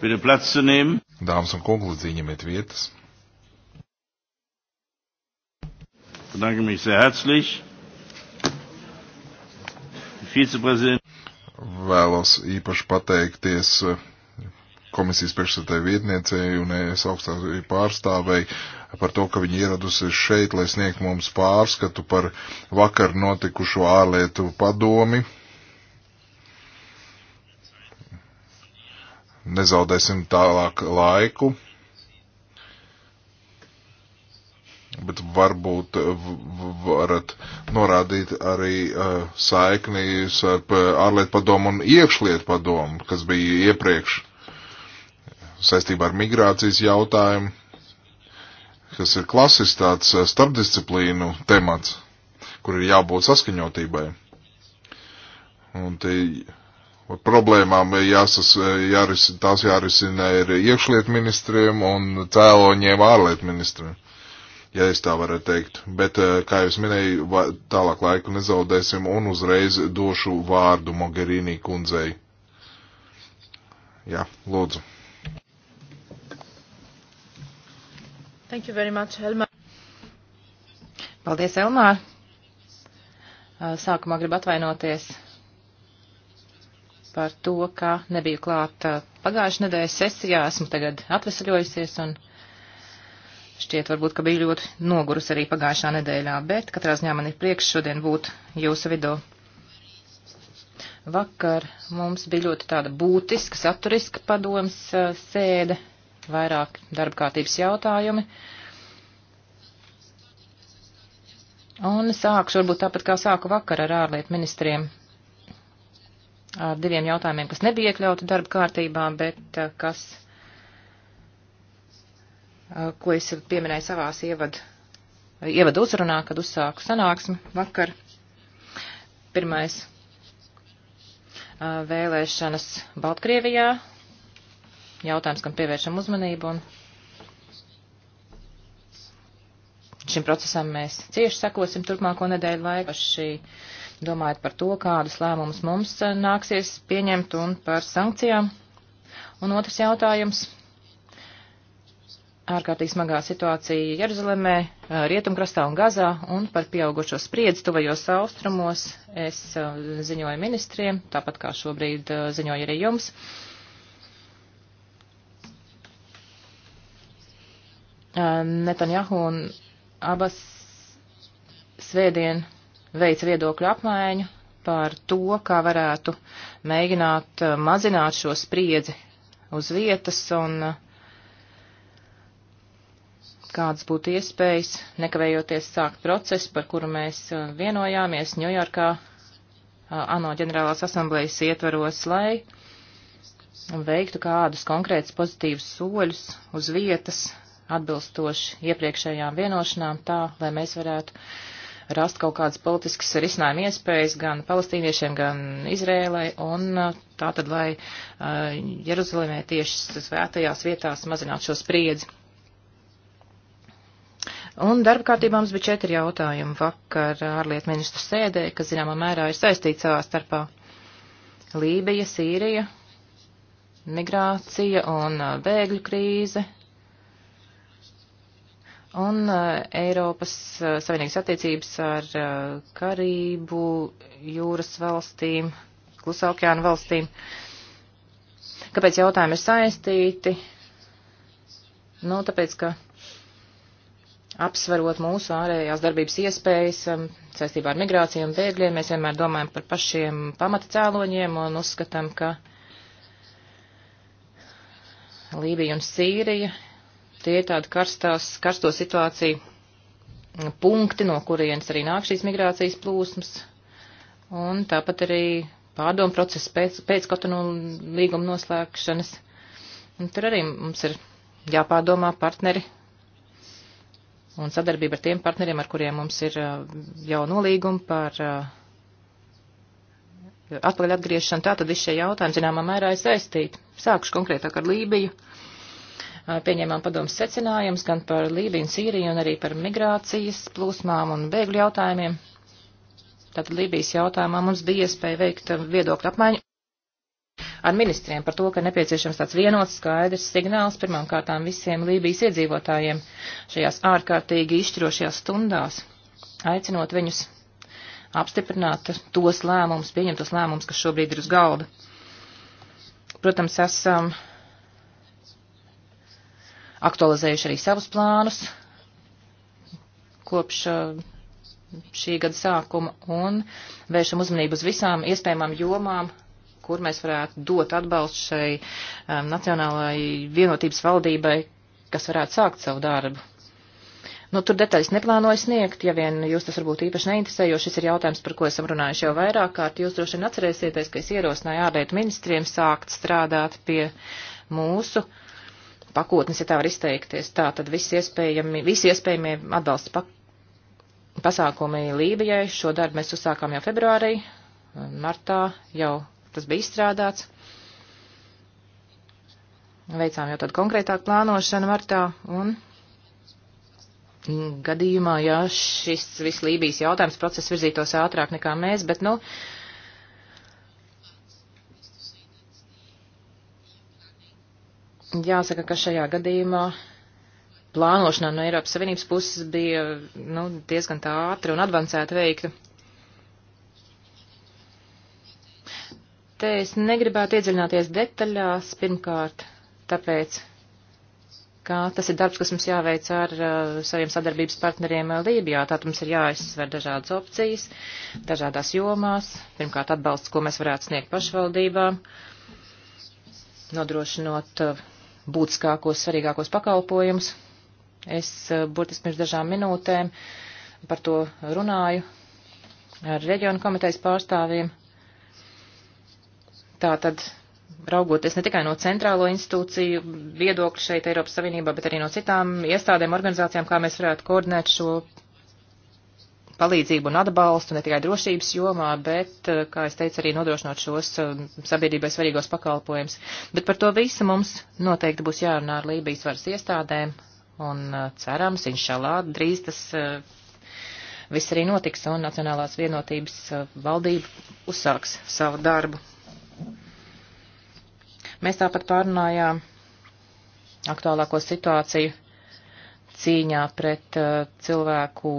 bitte Platz zu nehmen. Dāmas un kungi, lūdzu, ieņemiet vietas. Bedanke mich sehr herzlich. Vizepräsident. Vēlos īpaši pateikties komisijas priekšsēdētāju vietniecei un es augstākajai pārstāvēju par to, ka viņi ieradusies šeit, lai sniegtu mums pārskatu par vakar notikušo ārlietu padomi. Nezaudēsim tālāk laiku. bet varbūt varat norādīt arī uh, saikni starp eh, ārlietu padomu un iekšlietu padomu, kas bija iepriekš saistībā ar migrācijas jautājumu kas ir klasisks tāds eh, starpdisciplīnu temats, kur ir jābūt saskaņotībai. Un te problēmām jāsas, jāris, tās jārisina ir iekšliet ministriem un cēloņiem ārliet ministriem, ja es tā varētu teikt. Bet, eh, kā jūs minēju, tālāk laiku nezaudēsim un uzreiz došu vārdu Mogherini kundzei. Jā, lūdzu. Thank you very much, Helma. Paldies, Elmār. Sākumā gribu atvainoties par to, ka nebiju klāt pagājušā nedēļas sesijā. Esmu tagad atvesaļojusies un šķiet varbūt, ka biju ļoti nogurus arī pagājušā nedēļā, bet katrā ziņā man ir prieks šodien būt jūsu vidū. Vakar mums bija ļoti tāda būtiska, saturiska padoms sēde vairāk darba kārtības jautājumi. Un sākšu varbūt tāpat kā sāku vakar ar ārlietu ministriem ar diviem jautājumiem, kas nebija iekļauti darba kārtībā, bet eh, kas, eh, ko es pieminēju savās ievadu, ievadu uzrunā, kad uzsāku sanāksmi vakar. Pirmais eh, vēlēšanas Baltkrievijā jautājums, kam pievēršam uzmanību, un šim procesam mēs cieši sekosim turpmāko nedēļu laiku. Šī domājot par to, kādus lēmumus mums nāksies pieņemt un par sankcijām. Un otrs jautājums ārkārtīgi smagā situācija Jeruzalemē, Rietumkrastā un Gazā un par pieaugušo spriedzi tuvajos austrumos es eh, ziņoju ministriem, tāpat kā šobrīd eh, ziņoju arī jums. Netanjahu un abas svētdien veica viedokļu apmaiņu par to, kā varētu mēģināt mazināt šo spriedzi uz vietas un kādas būtu iespējas, nekavējoties sākt procesu, par kuru mēs vienojāmies Ņujorkā ANO ģenerālās asamblejas ietveros, lai veiktu kādus konkrētus pozitīvus soļus uz vietas, atbilstoši iepriekšējām vienošanām tā, lai mēs varētu rast kaut kādas politiskas risinājuma iespējas gan palestīniešiem, gan Izrēlai, un uh, tā tad, lai uh, Jeruzalemē tieši svētajās vietās mazinātu šo spriedzi. Un darba kārtībā mums bija četri jautājumi vakar ārlietu ministru sēdē, kas zināmā mērā ir saistīti savā starpā. Lībija, Sīrija, migrācija un uh, bēgļu krīze, Un uh, Eiropas uh, Savienības attiecības ar uh, Karību, jūras valstīm, Klusā okeāna valstīm. Kāpēc jautājumi ir saistīti? Nu, tāpēc, ka apsverot mūsu ārējās darbības iespējas saistībā ar migrāciju un bēgļiem, mēs vienmēr domājam par pašiem pamata cēloņiem un uzskatām, ka Lībija un Sīrija tie ir tādi karstās, karsto situāciju punkti, no kurienes arī nāk šīs migrācijas plūsmas. Un tāpat arī pārdomu procesu pēc, pēc Kotonu līguma noslēgšanas. Un tur arī mums ir jāpārdomā partneri un sadarbība ar tiem partneriem, ar kuriem mums ir uh, jau nolīgumi par uh, atpakaļ atgriešanu. Tātad viss šie jautājumi zināmā mērā ir saistīti. Sākuši konkrētāk ar Lībiju pieņēmām padomus secinājumus gan par Lībiju un Sīriju un arī par migrācijas plūsmām un bēgļu jautājumiem. Tātad Lībijas jautājumā mums bija iespēja veikt viedokļu apmaiņu ar ministriem par to, ka nepieciešams tāds vienots skaidrs signāls pirmām kārtām visiem Lībijas iedzīvotājiem šajās ārkārtīgi izšķirošajās stundās, aicinot viņus apstiprināt tos lēmumus, pieņemtos lēmumus, kas šobrīd ir uz galda. Protams, esam aktualizējuši arī savus plānus kopš šī gada sākuma un vēršam uzmanību uz visām iespējamām jomām, kur mēs varētu dot atbalstu šai um, Nacionālajai vienotības valdībai, kas varētu sākt savu darbu. Nu, tur detaļas neplānoju sniegt, ja vien jūs tas varbūt īpaši neinteresē, jo šis ir jautājums, par ko esam runājuši jau vairāk kārt. Jūs droši vien atcerēsieties, ka es ierosināju ārlietu ministriem sākt strādāt pie mūsu uh, pakotnes, ja tā var izteikties. Tā tad visi, iespējami, visi iespējamie atbalsta pak pasākumi Lībijai. Šo darbu mēs uzsākām jau februārī, martā jau tas bija izstrādāts. Veicām jau tādu konkrētāku plānošanu martā un gadījumā, ja šis viss Lībijas jautājums process virzītos ātrāk nekā mēs, bet, nu, uh, Jāsaka, ka šajā gadījumā plānošana no Eiropas Savienības puses bija nu, diezgan tā ātra un advancēta veikta. Te es negribētu iedziļināties detaļās pirmkārt, tāpēc, ka tas ir darbs, kas mums jāveic ar uh, saviem sadarbības partneriem uh, Lībijā. Tātad mums ir jāizsver dažādas opcijas, dažādās jomās. Pirmkārt, atbalsts, ko mēs varētu sniegt pašvaldībām, nodrošinot uh, būtiskākos, svarīgākos pakalpojumus. Es e, burtiski pirms dažām minūtēm par to runāju ar reģionu komitejas pārstāvjiem. Tātad, raugoties ne tikai no centrālo institūciju viedokļa šeit Eiropas Savienībā, bet arī no citām iestādēm, organizācijām, kā mēs varētu koordinēt šo palīdzību un atbalstu ne tikai drošības jomā, bet, eh, kā es teicu, arī nodrošinot šos eh, sabiedrībai svarīgos pakalpojumus. Bet par to visu mums noteikti būs jārunā ar Lībijas varas iestādēm un eh, cerams, inšalā, drīz tas viss arī notiks un Nacionālās vienotības valdība uzsāks savu darbu. Mēs tāpat pārunājām aktuālāko situāciju cīņā pret cilvēku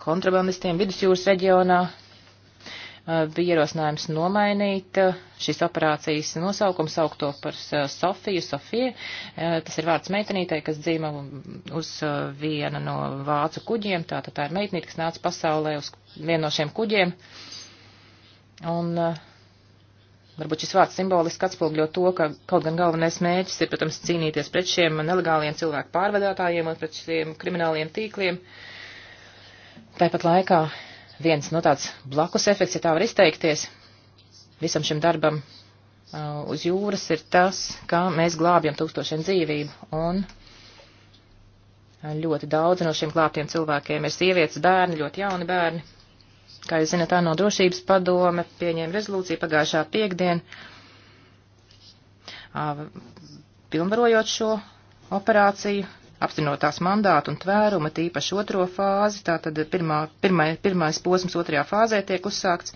kontrabandistiem vidusjūras reģionā bija ierosinājums nomainīt šīs operācijas nosaukumu, saukt to par Sofiju, Sofiju. Tas ir vārds meitenītei, kas dzīvo uz viena no vācu kuģiem. Tātad tā ir meitenīte, kas nāca pasaulē uz vienu no šiem kuģiem. Un varbūt šis vārds simboliski atspogļo to, ka kaut gan galvenais mērķis ir, protams, cīnīties pret šiem nelegāliem cilvēku pārvadātājiem un pret šiem krimināliem tīkliem. Uh, Tāpat laikā viens no nu, tāds blakus efekts, ja tā var izteikties, visam šim darbam uh, uz jūras ir tas, ka mēs glābjam tūkstošiem dzīvību un uh, ļoti daudz no šiem glābtiem cilvēkiem ir sievietes, bērni, ļoti jauni bērni. Kā jūs zināt, tā no drošības padome pieņēma rezolūciju pagājušā piekdien, uh, pilnvarojot šo operāciju, apzinotās mandātu un tvēruma, tīpaši otro fāzi, tātad pirmā, pirmai, pirmais posms otrajā fāzē tiek uzsākts.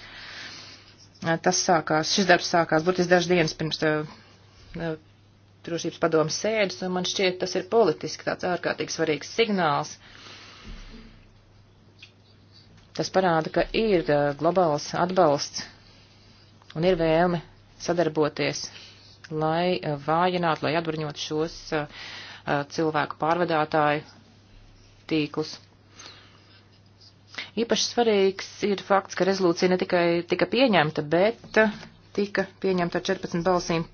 Tas sākās, šis darbs sākās burtiski dažas dienas pirms drošības padomas sēdes, un man šķiet, tas ir politiski tāds ārkārtīgi svarīgs signāls. Tas parāda, ka ir globāls atbalsts un ir vēlme sadarboties, lai vājinātu, lai atbruņotu šos uh, cilvēku pārvadātāju tīklus. Īpaši svarīgs ir fakts, ka rezolūcija ne tikai tika pieņemta, bet tika pieņemta ar 14 balsīm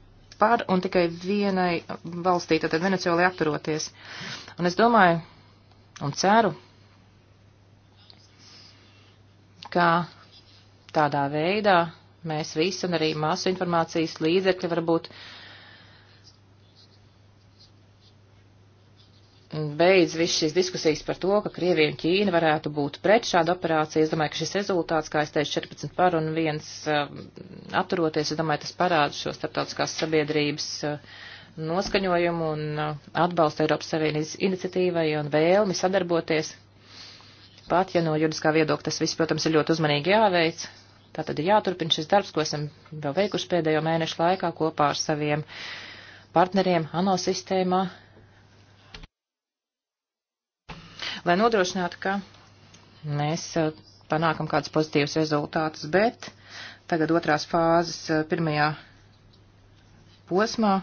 par un tikai vienai valstī, tātad Venecijolai atturoties. Un es domāju un ceru, ka tādā veidā mēs visi un arī masu informācijas līdzekļi varbūt uh, beidz viss šīs diskusijas par to, ka Krievija un Ķīna varētu būt pret šādu operāciju. Es domāju, ka šis rezultāts, kā es teicu, 14 par un viens uh, eh, atturoties, es domāju, tas parāda šo starptautiskās sabiedrības uh, noskaņojumu un uh, atbalstu Eiropas Savienības iniciatīvai un vēlmi sadarboties. Pat, ja no juridiskā viedokļa tas viss, protams, ir ļoti uzmanīgi jāveic, tā tad ir jāturpina šis darbs, ko esam vēl veikuši pēdējo mēnešu laikā kopā ar saviem partneriem ANO sistēmā, lai nodrošinātu, ka mēs eh, panākam kādus pozitīvus rezultātus, bet tagad otrās fāzes eh, pirmajā posmā.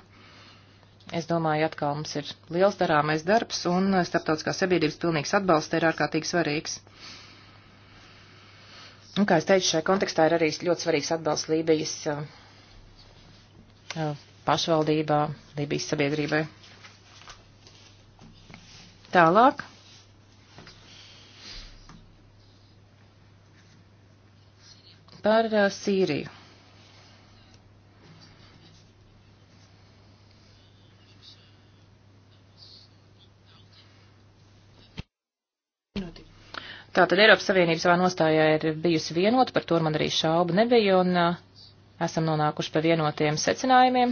Es domāju, atkal mums ir liels darāmais darbs un eh, starptautiskā sabiedrības pilnīgs atbalsts ir ārkārtīgi svarīgs. Un, kā es teicu, šajā kontekstā ir arī ļoti svarīgs atbalsts Lībijas pašvaldībā, Lībijas sabiedrībai. Tālāk par uh, Sīriju. Tātad Eiropas Savienība savā nostājā ir bijusi vienota, par to man arī šaubu nebija, un uh, esam nonākuši pie vienotiem secinājumiem,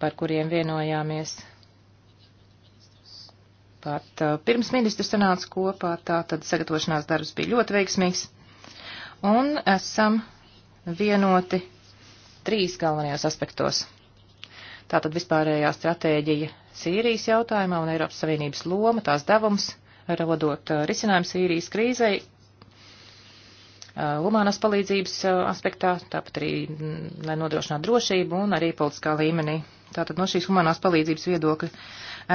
par kuriem vienojāmies. Pat uh, pirms ministrs sanāca kopā, tātad sagatavošanās darbs bija ļoti veiksmīgs un esam vienoti trīs galvenajos aspektos. Tātad vispārējā stratēģija Sīrijas jautājumā un Eiropas Savienības loma, tās devums, rodot uh, risinājumu Sīrijas krīzei, uh, humanās palīdzības uh, aspektā, tāpat arī, mm, lai nodrošinātu drošību un arī politiskā līmenī. Tātad no šīs humanās palīdzības viedokļa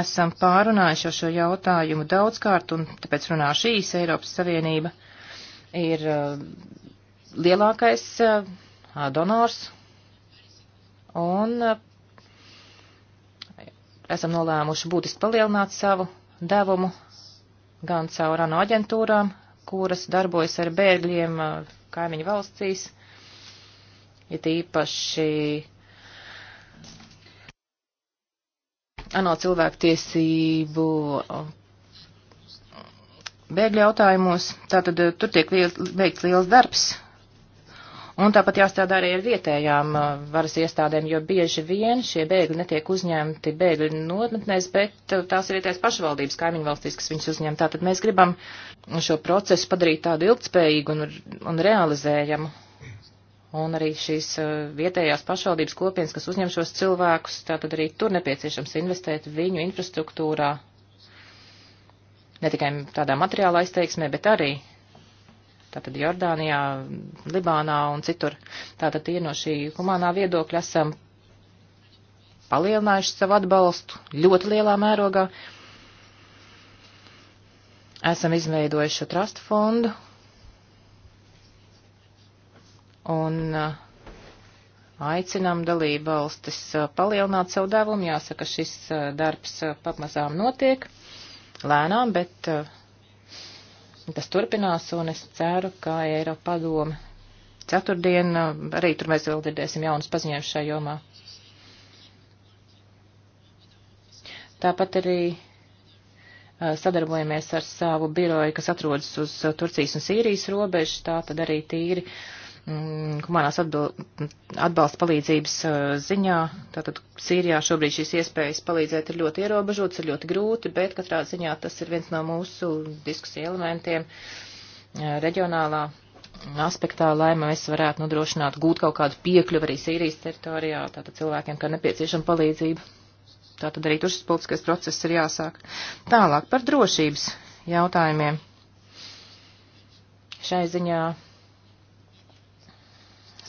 esam pārunājuši šo jautājumu daudzkārt, un tāpēc runāšu īsi Eiropas Savienība ir eh, lielākais eh, donors un eh, esam nolēmuši būtiski palielināt savu devumu gan caur ANO aģentūrām, kuras darbojas ar bēgļiem kaimiņu valstīs, ir ja tīpaši ANO cilvēktiesību bēgļu jautājumos. Tātad eh, tur tiek liels, veikts liels darbs. Un tāpat jāstrādā arī ar vietējām eh, varas iestādēm, jo bieži vien šie bēgļi netiek uzņemti bēgļu nometnēs, bet eh, tās ir vietējās pašvaldības kaimiņu valstīs, kas viņus uzņem. Tātad mēs gribam šo procesu padarīt tādu ilgtspējīgu un, un realizējamu. Un arī šīs vietējās pašvaldības kopienas, kas uzņem šos cilvēkus, tātad arī tur nepieciešams investēt viņu infrastruktūrā, ne tikai tādā materiālā izteiksmē, bet arī tātad Jordānijā, Libānā un citur. Tātad tie no šī humānā viedokļa esam palielinājuši savu atbalstu ļoti lielā mērogā. Esam izveidojuši šo trust fondu un uh, aicinām dalību valstis uh, palielināt savu devumu. Jāsaka, šis uh, darbs pamazām notiek lēnām, bet uh, tas turpinās, un es ceru, ka Eiropa padome ceturtdien uh, arī tur mēs vēl dzirdēsim jaunas paziņojumus šajā jomā. Tāpat arī uh, sadarbojamies ar savu biroju, kas atrodas uz Turcijas un Sīrijas robežas, tā tad arī tīri uh, Mm, humanās atbalsta palīdzības uh, ziņā. Tātad Sīrijā šobrīd šīs iespējas palīdzēt ir ļoti ierobežotas, ir ļoti grūti, bet katrā ziņā tas ir viens no mūsu diskusiju elementiem uh, reģionālā aspektā, lai mēs varētu nodrošināt gūt kaut kādu piekļuvu arī Sīrijas teritorijā, tātad cilvēkiem, kā nepieciešama palīdzība. Tātad arī tur šis politiskais process ir jāsāk. Tālāk par drošības jautājumiem. Šai ziņā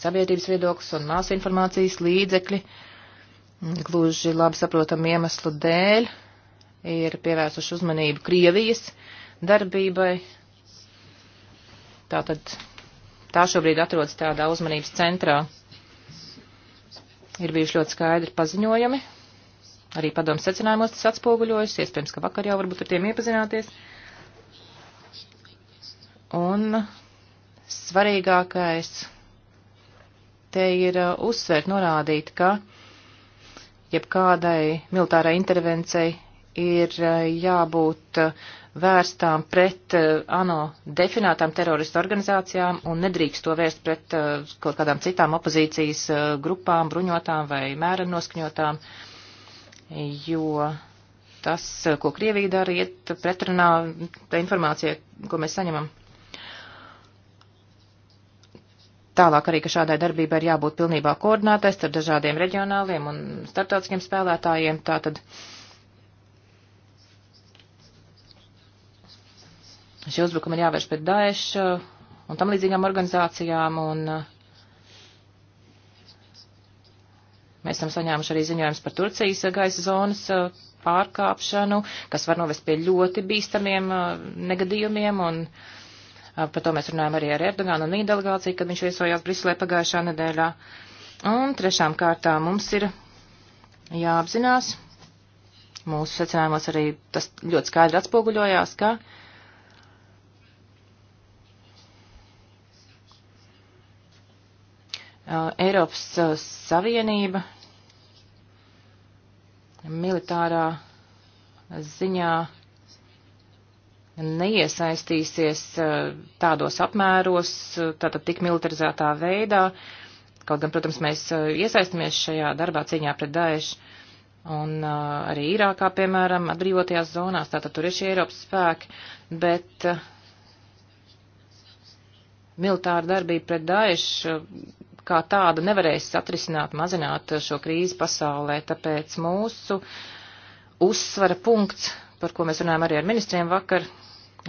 sabiedrības viedoklis un masu informācijas līdzekļi, gluži labi saprotam iemeslu dēļ, ir pievērsuši uzmanību Krievijas darbībai. Tātad tā šobrīd atrodas tādā uzmanības centrā. Ir bijuši ļoti skaidri paziņojumi. Arī padomu secinājumos tas atspoguļojas, iespējams, ka vakar jau varbūt ar tiem iepazināties. Un svarīgākais te ir uh, uzsvērt, norādīt, ka jebkādai militārai intervencei ir uh, jābūt uh, vērstām pret ANO definētām teroristu organizācijām un nedrīkst to vērst pret kaut kādām citām opozīcijas grupām, bruņotām vai mēra noskaņotām, jo tas, ko Krievija dara, iet pretrunā tā informācija, ko mēs saņemam. Tālāk arī, ka šādai darbībai ir jābūt pilnībā koordinētais ar dažādiem reģionāliem un starptautiskiem spēlētājiem. Tātad šie uzbrukumi ir jāvērš pret Daešu uh, un tam līdzīgām organizācijām. Un uh, mēs esam saņēmuši arī ziņojums par Turcijas gaisa zonas uh, pārkāpšanu, kas var novest pie ļoti bīstamiem negadījumiem. Un, uh, Par to mēs runājam arī ar Erdoganu un viņa delegāciju, kad viņš viesojās Briselē pagājušā nedēļā. Un trešām kārtām mums ir jāapzinās, mūsu secinājumos arī tas ļoti skaidri atspoguļojās, ka Eiropas Savienība militārā ziņā neiesaistīsies eh, tādos apmēros, eh, tātad tik militarizētā veidā. Kaut gan, protams, mēs eh, iesaistamies šajā darbā cīņā pret Daešu. Un uh, arī Irākā, piemēram, atbrīvotajās zonās, tātad tur ir šie Eiropas spēki, bet uh, militāra darbība pret Daešu uh, kā tāda nevarēs atrisināt, mazināt šo krīzi pasaulē, tāpēc mūsu uzsvara punkts, par ko mēs runājam arī ar ministriem vakar,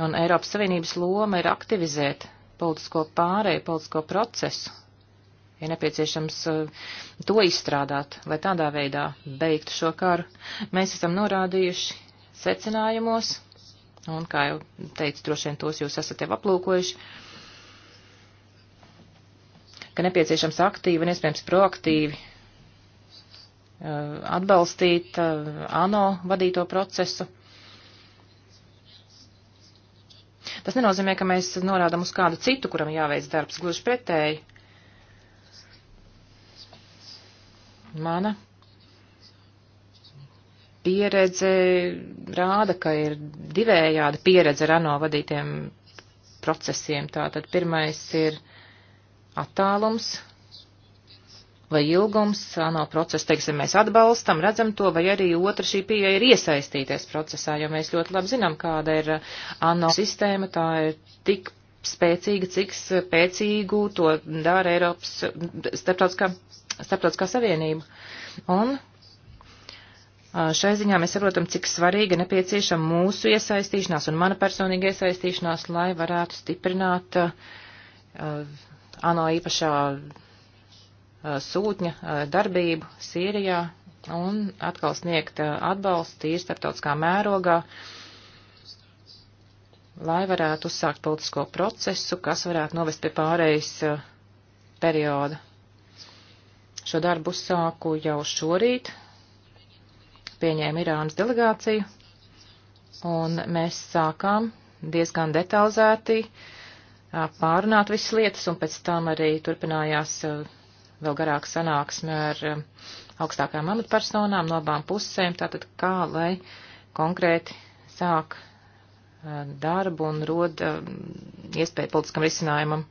Un Eiropas Savienības loma ir aktivizēt politisko pārēju, politisko procesu. Ir nepieciešams uh, to izstrādāt, lai tādā veidā beigtu šo karu. Mēs esam norādījuši secinājumos, un, kā jau teicu, droši vien tos jūs esat jau aplūkojuši, ka nepieciešams aktīvi un iespējams proaktīvi uh, atbalstīt uh, ANO vadīto procesu Tas nenozīmē, ka mēs norādam uz kādu citu, kuram jāveic darbs, gluži pretēji. Mana pieredze rāda, ka ir divējāda pieredze ar ANO vadītiem procesiem. Tātad pirmais ir attālums, vai ilgums ANO procesu, teiksim, mēs atbalstam, redzam to, vai arī otra šī pieeja ir iesaistīties procesā, jo mēs ļoti labi zinām, kāda ir uh, ANO sistēma, tā ir tik spēcīga, cik spēcīgu to dara Eiropas starptautiskā, starptautiskā savienība. Un uh, Šai ziņā mēs saprotam, cik svarīga nepieciešama mūsu iesaistīšanās un mana personīga iesaistīšanās, lai varētu stiprināt uh, uh ANO īpašā Uh, sūtņa uh, darbību Sīrijā un atkal sniegt uh, atbalstu tīri starptautiskā mērogā, lai varētu uzsākt politisko procesu, kas varētu novest pie pārejas perioda. Šo darbu uzsāku jau šorīt, pieņēma Irānas delegāciju, un mēs sākām diezgan detalizēti pārunāt visas lietas, un pēc tam arī turpinājās uh, vēl garāka sanāksme ar um, augstākām amatpersonām no abām pusēm, tātad kā, lai konkrēti sāk uh, darbu un roda um, iespēju politiskam risinājumam.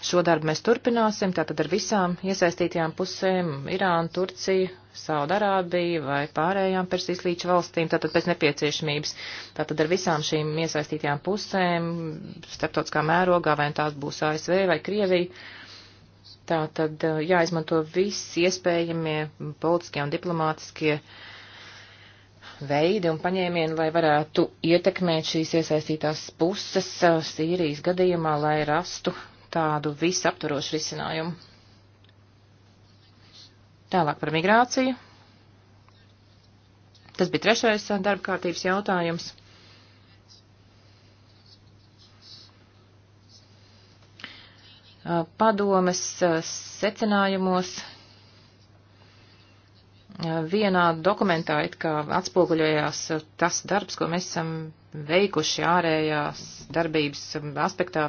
Šo darbu mēs turpināsim, tātad ar visām iesaistītajām pusēm - Irānu, Turciju, Saudarābiju vai pārējām Persijas līča valstīm, tātad pēc nepieciešamības. Tātad ar visām šīm iesaistītajām pusēm, starptautiskā mērogā, vai nu tās būs ASV vai Krievija, Tā tad jāizmanto visi iespējamie politiskie un diplomātiskie veidi un paņēmieni, lai varētu ietekmēt šīs iesaistītās puses Sīrijas gadījumā, lai rastu tādu visaptvarošu risinājumu. Tālāk par migrāciju. Tas bija trešais darba kārtības jautājums. Uh, padomes uh, secinājumos uh, vienā dokumentā it kā atspoguļojās tas darbs, ko mēs esam veikuši ārējās darbības um, aspektā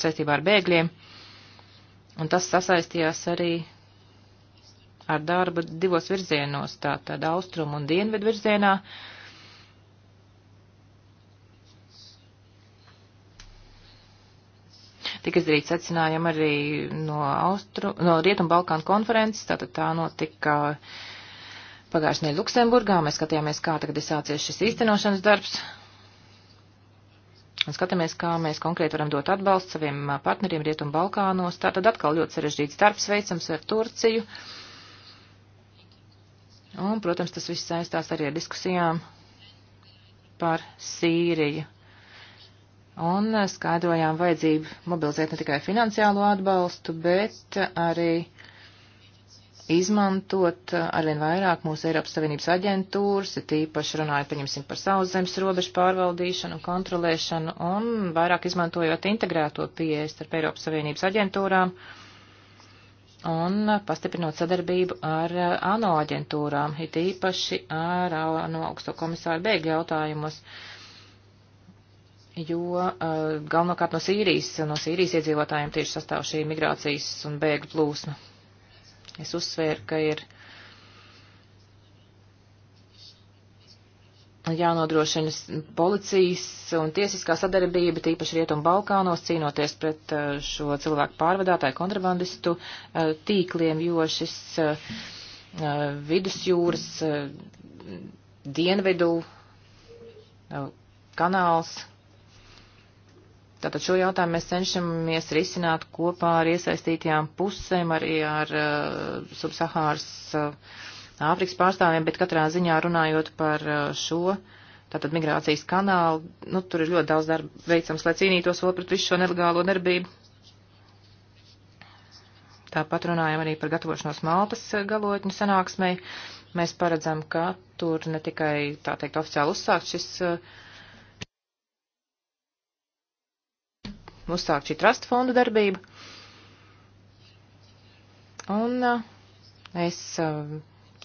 saistībā ar bēgļiem, un tas sasaistījās arī ar darbu divos virzienos, tātad austrumu un dienvidu virzienā, uh, Tik izdarīt secinājumu arī no, Austru, no Rietumbalkānu konferences, tātad tā notika pagājušajā nedēļā Luksemburgā. Mēs skatījāmies, kā tagad ir sācies šis īstenošanas darbs. Un skatāmies, kā mēs konkrēti varam dot atbalstu saviem partneriem Rietumbalkānos. Tātad atkal ļoti sarežģīts darbs veicams ar Turciju. Un, protams, tas viss saistās arī ar diskusijām par Sīriju un eh, skaidrojām vajadzību mobilizēt ne tikai finansiālo atbalstu, bet eh, arī izmantot eh, arvien vairāk mūsu Eiropas Savienības aģentūras, tīpaši runājot, paņemsim, par sauszemes robežu pārvaldīšanu un kontrolēšanu, un vairāk izmantojot integrēto pieeju starp Eiropas Savienības aģentūrām un pastiprinot sadarbību ar ANO aģentūrām, it īpaši ar ANO augsto komisāru bēgļu jautājumus. Uh, jo uh, galvenokārt no Sīrijas, no Sīrijas iedzīvotājiem tieši sastāv šī migrācijas un bēgļu plūsma. Es uzsvēru, ka ir jānodrošina policijas un tiesiskā sadarbība, tīpaši Rietumu Balkānos, cīnoties pret uh, šo cilvēku pārvadātāju kontrabandistu uh, tīkliem, jo šis uh, vidusjūras dienvidu kanāls Tātad šo jautājumu mēs cenšamies risināt kopā ar iesaistītajām pusēm, arī ar uh, subsahāras uh, Āfrikas uh, pārstāvjiem, bet katrā ziņā runājot par uh, šo, tātad migrācijas kanālu, nu, tur ir ļoti daudz darba veicams, lai cīnītos vēl pret visu šo nelegālo darbību. Tāpat runājam arī par gatavošanos Maltas uh, galotņu sanāksmei. Mēs paredzam, ka tur ne tikai, tā teikt, oficiāli uzsākt šis uh, uzsākt šī trust fondu darbību. Un uh, es uh,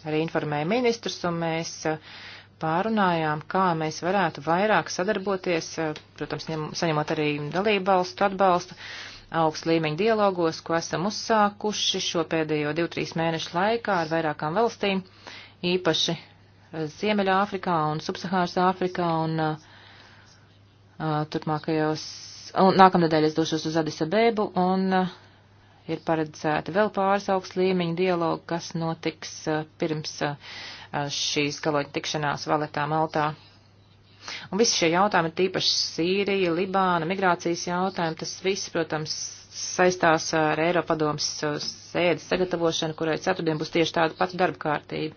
arī informēju ministrus, un mēs uh, pārunājām, kā mēs varētu vairāk sadarboties, protams, saņemot arī dalību balstu atbalstu augst līmeņa dialogos, ko esam uzsākuši šo pēdējo 2-3 mēnešu laikā ar vairākām valstīm, īpaši Ziemeļā Āfrikā un Subsahāras Āfrikā un uh, turpmākajos un nākamnedēļ es došos uz Adisabēbu, un eh, ir paredzēta vēl pāris augsts līmeņu dialogu, kas notiks eh, pirms eh, šīs galoņa tikšanās valetā Maltā. Un visi šie jautājumi, tīpaši Sīrija, Libāna, migrācijas jautājumi, tas viss, protams, saistās ar Eiropadomas sēdes sagatavošanu, kurai ceturtdien būs tieši tāda pati darba kārtība.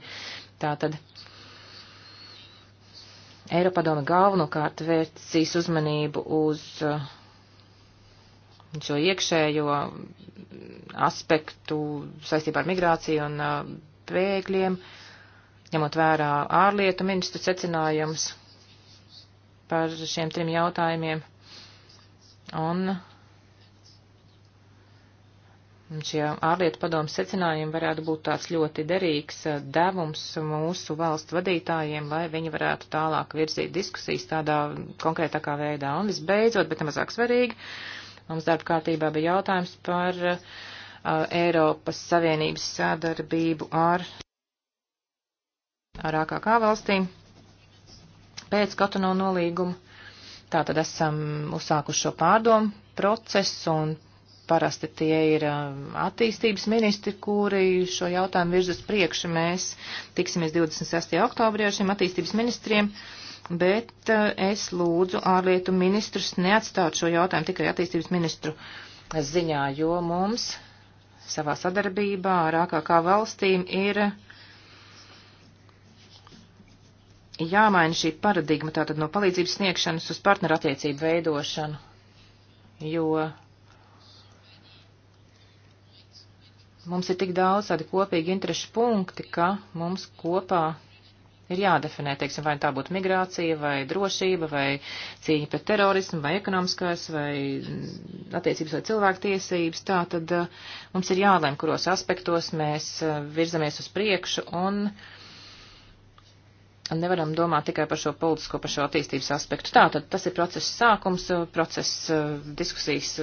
Tātad Eiropadoma galvenokārt vērtsīs uzmanību uz uh, šo iekšējo aspektu saistībā ar migrāciju un uh, bēgļiem, ņemot vērā ārlietu ministru secinājums par šiem trim jautājumiem. Un šie ārlietu padomu secinājumi varētu būt tāds ļoti derīgs uh, devums mūsu valstu vadītājiem, lai viņi varētu tālāk virzīt diskusijas tādā konkrētākā veidā. Un visbeidzot, bet nemazāk svarīgi, uh, Mums darba kārtībā bija jautājums par uh, Eiropas Savienības sadarbību ar, ar AKK valstīm pēc Kotono nolīguma. Tātad esam uzsākuši šo pārdomu procesu un Parasti tie ir um, attīstības ministri, kuri šo jautājumu virz uz priekšu. Mēs tiksimies 26. oktobrī ar šiem attīstības ministriem, bet uh, es lūdzu ārlietu ministrus neatstāt šo jautājumu tikai attīstības ministru ziņā, jo mums savā sadarbībā ar AKK valstīm ir jāmaina šī paradigma tātad no palīdzības sniegšanas uz partnerattiecību veidošanu, jo mums ir tik daudz tādi kopīgi interešu punkti, ka mums kopā ir jādefinē, teiksim, vai tā būtu migrācija, vai drošība, vai cīņa pret terorismu, vai ekonomiskās, vai attiecības vai cilvēktiesības. Tā tad uh, mums ir jālēm, kuros aspektos mēs uh, virzamies uz priekšu un nevaram domāt tikai par šo politisko, par šo attīstības aspektu. Tā tad tas ir process sākums, uh, process diskusijas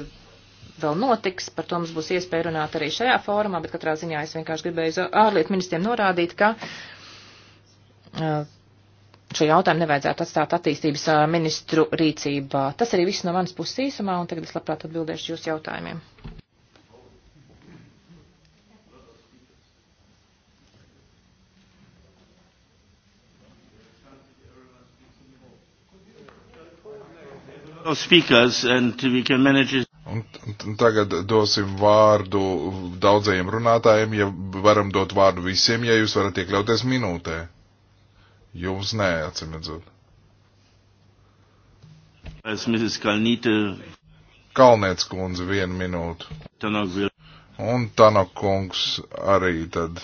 vēl notiks, par to mums būs iespēja runāt arī šajā fórumā, bet katrā ziņā es vienkārši gribēju ārlietu ministriem norādīt, ka uh, šo jautājumu nevajadzētu atstāt attīstības uh, ministru rīcībā. Tas arī viss no manas puses īsumā, un tagad es labprāt atbildēšu jūsu jautājumiem. speakers and we can manage Tagad dosim vārdu daudzajiem runātājiem, ja varam dot vārdu visiem, ja jūs varat iekļauties minūtē. Jums nē, atsimredzot. Kalniec kundze, vienu minūtu. Un Tanok kungs arī tad.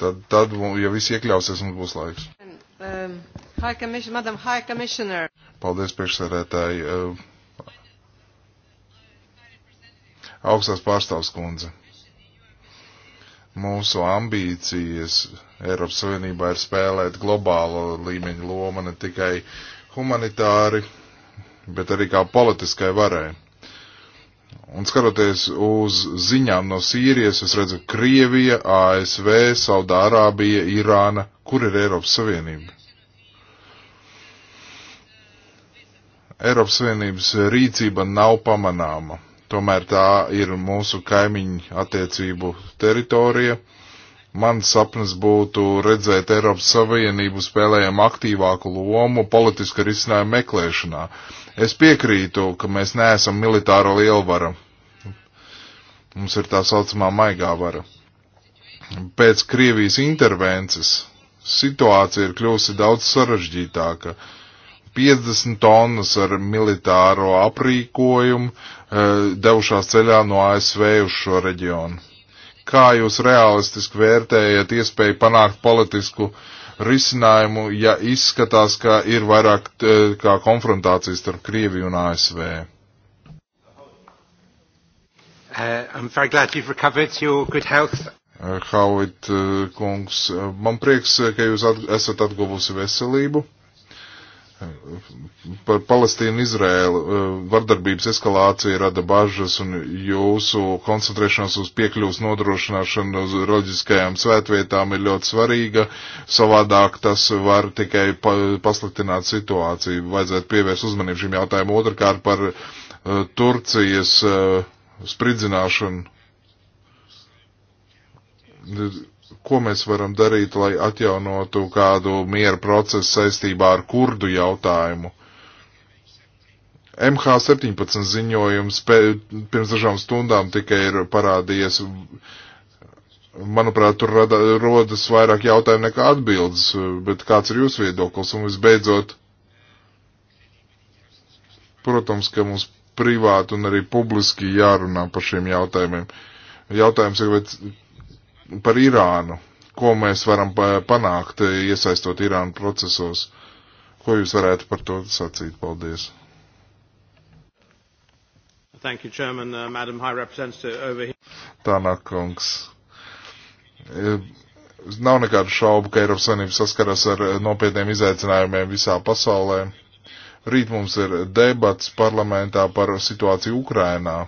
Tad, tad, ja viss iekļausies, mums būs laiks. Um, high Paldies, priekšsēdētāji. Uh, augstās pārstāvs kundze. Mūsu ambīcijas Eiropas Savienībā ir spēlēt globālo līmeņu lomu ne tikai humanitāri, bet arī kā politiskai varai. Un skatoties uz ziņām no Sīrijas, es redzu Krievija, ASV, Saudārābija, Irāna, kur ir Eiropas Savienība? Eiropas Savienības rīcība nav pamanāma. Tomēr tā ir mūsu kaimiņu attiecību teritorija. Mans sapnis būtu redzēt Eiropas Savienību spēlējam aktīvāku lomu politiska risinājuma meklēšanā. Es piekrītu, ka mēs neesam militāra lielvara. Mums ir tā saucamā maigā vara. Pēc Krievijas intervences situācija ir kļūsi daudz sarežģītāka. Uh, 50 tonnas ar militāro aprīkojumu eh, devušās ceļā no ASV uz šo reģionu. Kā jūs realistiski vērtējat iespēju panākt politisku risinājumu, ja izskatās, ka ir vairāk eh, kā konfrontācijas starp Krieviju un ASV? Uh, eh, Hauit kungs, man prieks, ka jūs at esat atguvusi veselību par Palestīnu Izrēlu eh, vardarbības eskalācija rada bažas un jūsu koncentrēšanās uz piekļuvas nodrošināšanu uz reliģiskajām svētvietām ir ļoti svarīga. Savādāk tas var tikai pa, pasliktināt situāciju. Vajadzētu pievērst uzmanību šim jautājumam. Otrakārt par uh, Turcijas uh, spridzināšanu ko mēs varam darīt, lai atjaunotu kādu mieru procesu saistībā ar kurdu jautājumu. MH17 ziņojums pirms dažām stundām tikai ir parādījies. Manuprāt, tur rada, rodas vairāk jautājumu nekā atbildes, bet kāds ir jūsu viedoklis? Un visbeidzot, protams, ka mums privāti un arī publiski jārunā par šiem jautājumiem. Jautājums ir, vai par Irānu, ko mēs varam panākt, eh, iesaistot Irānu procesos. Ko jūs varētu par to sacīt? Paldies! Thank you, Chairman, uh, Madam High Representative over here. Tānāk, kungs. Eh, nav nekādu šaubu, ka Eiropas Savienība saskaras ar eh, nopietniem izaicinājumiem visā pasaulē. Rīt mums ir debats parlamentā par situāciju Ukrainā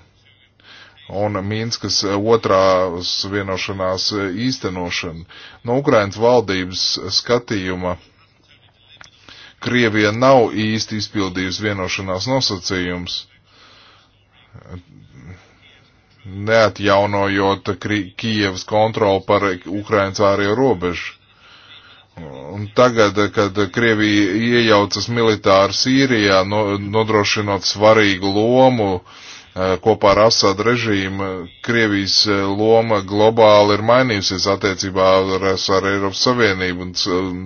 un Minskas otrās vienošanās īstenošana. No Ukrainas valdības skatījuma Krievija nav īsti izpildījusi vienošanās nosacījums, neatjaunojot Kievas kontroli par Ukrainas ārējo robežu. Un tagad, kad Krievija iejaucas militāri Sīrijā, nodrošinot svarīgu lomu uh, Eh, kopā ar Asad režīmu eh, Krievijas eh, loma globāli ir mainījusies attiecībā ar, ar Eiropas Savienību un um,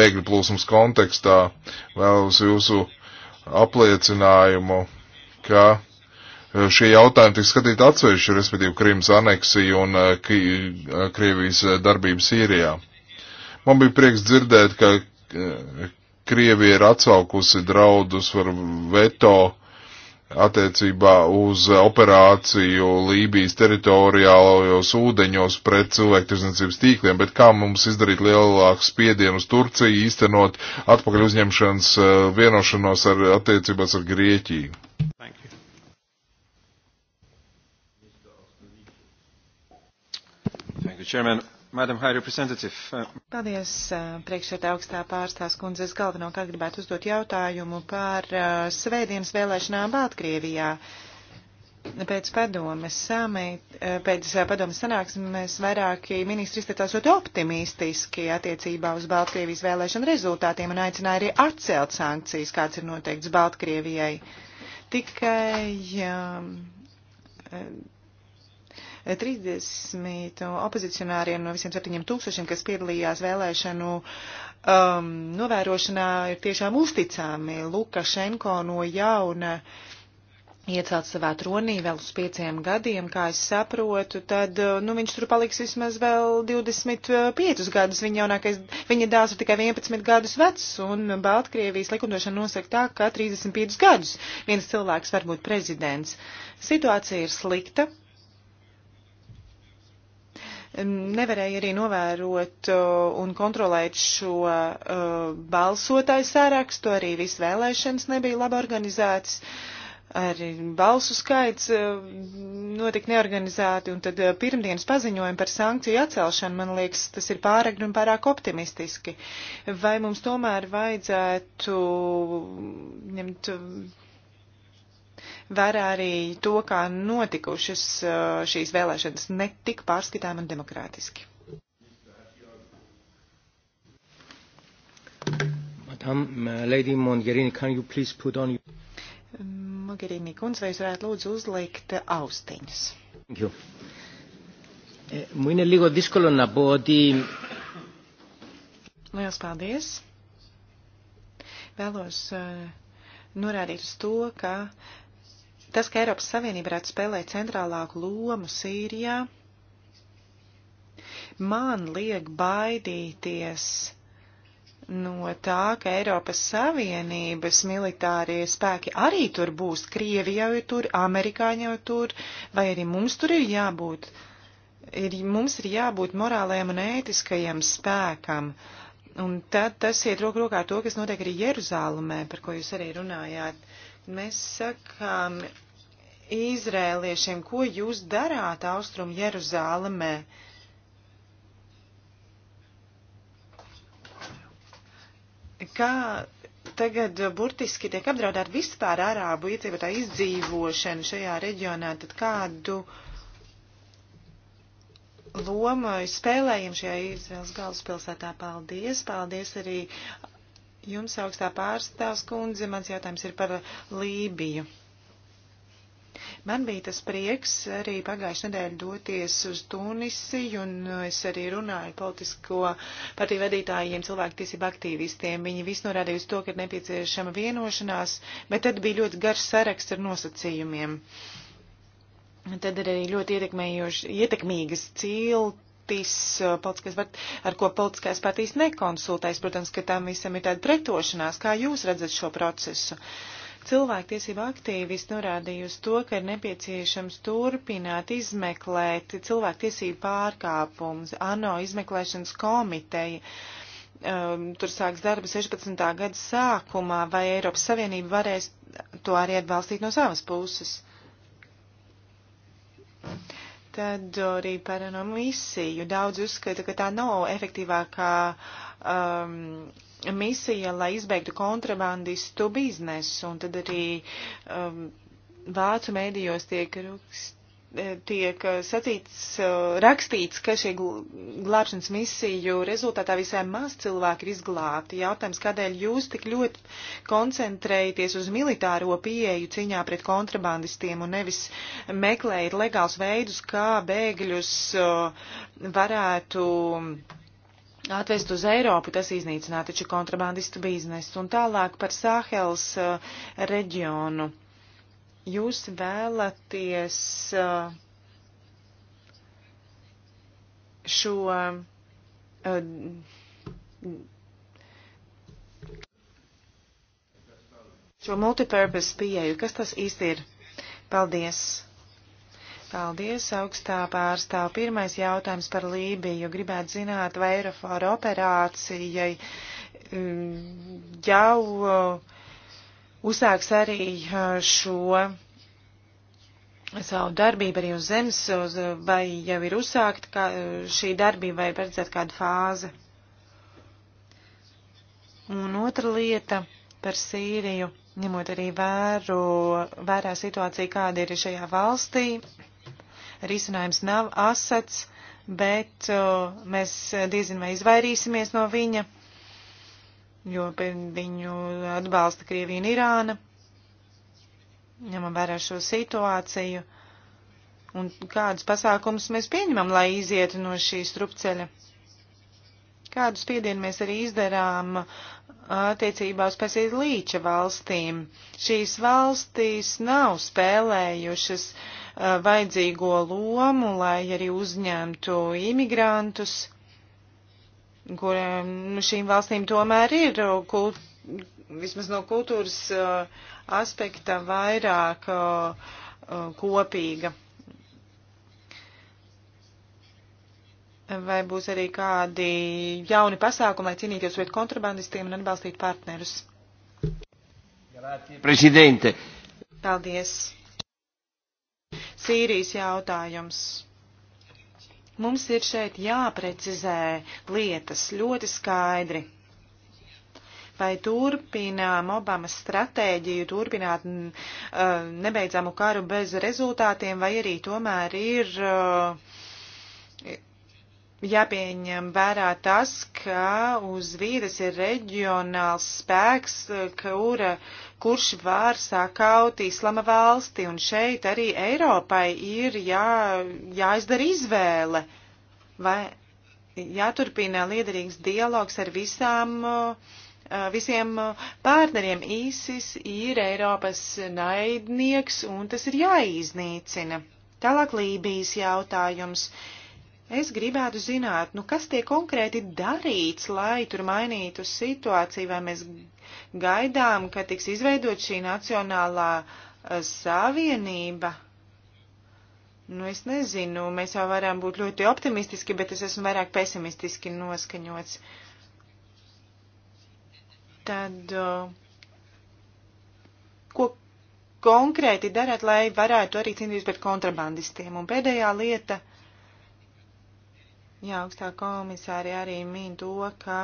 bēgļu plūsmas kontekstā. Vēlos jūsu apliecinājumu, ka šie jautājumi tiks skatīti atsevišķi, respektīvi Krimas aneksija un Krievijas darbība Sīrijā. Man bija prieks dzirdēt, ka Krievija ir atsaukusi draudus par veto attiecībā uz operāciju Lībijas teritoriālajos ūdeņos pret cilvēktiesniecības tīkliem, bet kā mums izdarīt lielāku spiedienu uz Turciju, īstenot atpakaļ uzņemšanas eh, vienošanos ar attiecībās ar Grieķiju? Thank you, Chairman. Madam High Representative. Uh, Paldies, uh, priekšsēdā augstā pārstās kundzes galvenokārt gribētu uzdot jautājumu par uh, svētdienas vēlēšanām Baltkrievijā. Pēc padomes samit, pēc padomes sanāksmes vairāki ministri izteicās ļoti optimistiski attiecībā uz Baltkrievijas vēlēšanu rezultātiem un aicināja arī atcelt sankcijas, kāds ir noteikts Baltkrievijai. Tikai um, 30 opozicionāriem no visiem 7000, kas piedalījās vēlēšanu um, novērošanā, ir tiešām uzticami. Lukašenko no jauna iecelt savā tronī vēl uz pieciem gadiem, kā es saprotu, tad, uh, nu, viņš tur paliks vismaz vēl 25 gadus. Viņa jaunākais, viņa dēls ir tikai 11 gadus vecs, un Baltkrievijas likumdošana nosaka tā, ka 35 gadus viens cilvēks var būt prezidents. Situācija ir slikta, nevarēja arī novērot un kontrolēt šo balsotāju sārakstu, arī viss vēlēšanas nebija labi organizētas, arī balsu skaits notika neorganizēti, un tad pirmdienas paziņojumi par sankciju atcelšanu, man liekas, tas ir pārāk un pārāk optimistiski. Vai mums tomēr vajadzētu ņemt vērā arī to, kā notikušas uh, šīs vēlēšanas ne tik pārskatām un demokrātiski. Madam, uh, Lady Mogherini, can you please put on your... Mogherini kundze, vai jūs varētu lūdzu uzlikt austiņas? Thank you. Μου είναι λίγο δύσκολο να πω ότι... Liels paldies! Vēlos uh, norādīt uz to, ka uh, Tas, ka Eiropas Savienība varētu spēlēt centrālāku lomu Sīrijā, man liek baidīties no tā, ka Eiropas Savienības militārie spēki arī tur būs. Krievija jau ir tur, amerikāņi jau tur, vai arī mums tur ir jābūt. Ir, mums ir jābūt morālajam un ētiskajam spēkam. Un tad tas iet roku rokā ar to, kas notiek arī Jeruzālumē, par ko jūs arī runājāt. Mēs sakām, Izrēliešiem, ko jūs darāt Austrum Jeruzālamē? Kā tagad burtiski tiek apdraudēta vispār arābu iedzīvotāju izdzīvošana šajā reģionā, tad kādu lomu spēlējam šajā Izraels galvaspilsētā? Paldies! Paldies arī jums, augstā pārstāvs kundze. Mans jautājums ir par Lībiju. Man bija tas prieks arī pagājušajā nedēļā doties uz Tunisiju, un es arī runāju politisko partiju vadītājiem, cilvēktiesību aktīvistiem. Viņi visi norādīja uz to, ka ir nepieciešama vienošanās, bet tad bija ļoti garš saraksts ar nosacījumiem. Tad arī ļoti ietekmīgas cilti partijas, uh, politiskais, ar ko politiskās partijas nekonsultēs. Protams, ka tam visam ir tāda pretošanās. Kā jūs redzat šo procesu? Uh, Cilvēktiesība aktīvisti norādīja uz to, ka ir nepieciešams turpināt izmeklēt cilvēktiesību pārkāpumus. ANO izmeklēšanas komiteja um, tur sāks darbu 16. gada sākumā, vai Eiropas Savienība varēs to arī atbalstīt no savas puses. Tad arī par no misiju. Daudz uzskata, ka tā nav efektīvākā um, misija, lai izbeigtu kontrabandistu biznesu, un tad arī um, vācu mēdījos tiek, rakst, eh, tiek eh, sacīts, uh, rakstīts, ka šī glābšanas misiju rezultātā visai maz cilvēki ir izglābti. Jautājums, kādēļ jūs tik ļoti koncentrējaties uz militāro pieeju ciņā pret kontrabandistiem un nevis meklējat legāls veidus, kā bēgļus uh, varētu atvest uz Eiropu, tas iznīcinātu taču kontrabandistu biznesu. Un tālāk par Sāhels uh, reģionu. Jūs vēlaties uh, šo. Uh, šo multipurpose pieeju, kas tas īsti ir? Paldies! Paldies, augstā pārstāv. Pirmais jautājums par Lībiju. Gribētu zināt, vai Eirofora operācijai mm, jau uh, uzsāks arī uh, šo savu darbību arī uz zemes, uz, uh, vai jau ir uzsākta šī darbība, vai paredzēt kādu fāzi. Un otra lieta par Sīriju, ņemot arī vēru, vērā situāciju, kāda ir šajā valstī risinājums nav asats, bet uh, mēs diezin vai izvairīsimies no viņa, jo viņu atbalsta Krievija un Irāna, ņemam vērā šo situāciju, un kādus pasākumus mēs pieņemam, lai izietu no šī strupceļa. Kādu spiedienu mēs arī izdarām attiecībā uz pēc līča valstīm. Šīs valstīs nav spēlējušas uh, Uh, vajadzīgo lomu, lai arī uzņemtu imigrantus, kuriem nu, šīm valstīm tomēr ir uh, kult, vismaz no kultūras uh, aspekta vairāk kopīga. Vai būs arī kādi jauni pasākumi, lai cīnīties pret kontrabandistiem un atbalstītu partnerus? Prezidente. Paldies. Sīrijas jautājums. Mums ir šeit jāprecizē lietas ļoti skaidri. Vai turpinām Obamas stratēģiju, turpināt uh, nebeidzamu karu bez rezultātiem, vai arī tomēr ir uh, jāpieņem vērā tas, ka uz vīdes ir reģionāls spēks, uh, kura kurš var sakaut Islama valsti, un šeit arī Eiropai ir jā, jāizdara izvēle, vai jāturpina liederīgs dialogs ar visām, eh, visiem partneriem. ISIS ir Eiropas naidnieks, un tas ir jāiznīcina. Tālāk Lībijas jautājums. Uh, Es gribētu zināt, nu kas tiek konkrēti darīts, lai tur mainītu situāciju, vai mēs gaidām, ka tiks izveidot šī nacionālā eh, savienība. Nu, es nezinu, mēs jau varam būt ļoti optimistiski, bet es esmu vairāk pesimistiski noskaņots. Tad, eh, ko konkrēti darāt, lai varētu arī cīnīties pret kontrabandistiem? Un pēdējā lieta. Jā, augstā komisāri arī min to, ka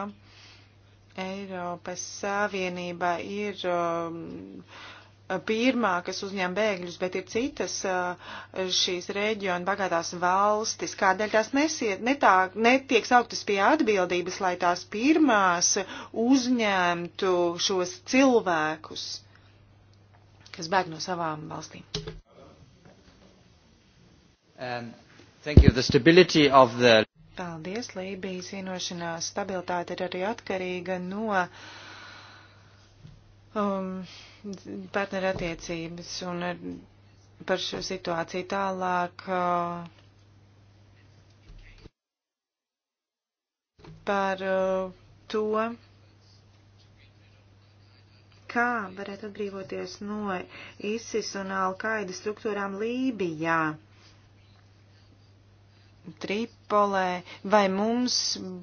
Eiropas Savienībā ir um, pirmā, kas uzņem bēgļus, bet ir citas uh, šīs reģiona bagātās valstis. Kādēļ tās nesiet, netā, netiek sauktas pie atbildības, lai tās pirmās uzņemtu šos cilvēkus, kas bēg no savām valstīm? Um, thank you. The stability of the Paldies, Lībijas vienošanās stabilitāte ir arī atkarīga no um, partnerattiecības un ar, par šo situāciju tālāk. Uh, par uh, to, kā varētu atbrīvoties no ISIS un Alkaida struktūrām Lībijā. Tripolē, vai mums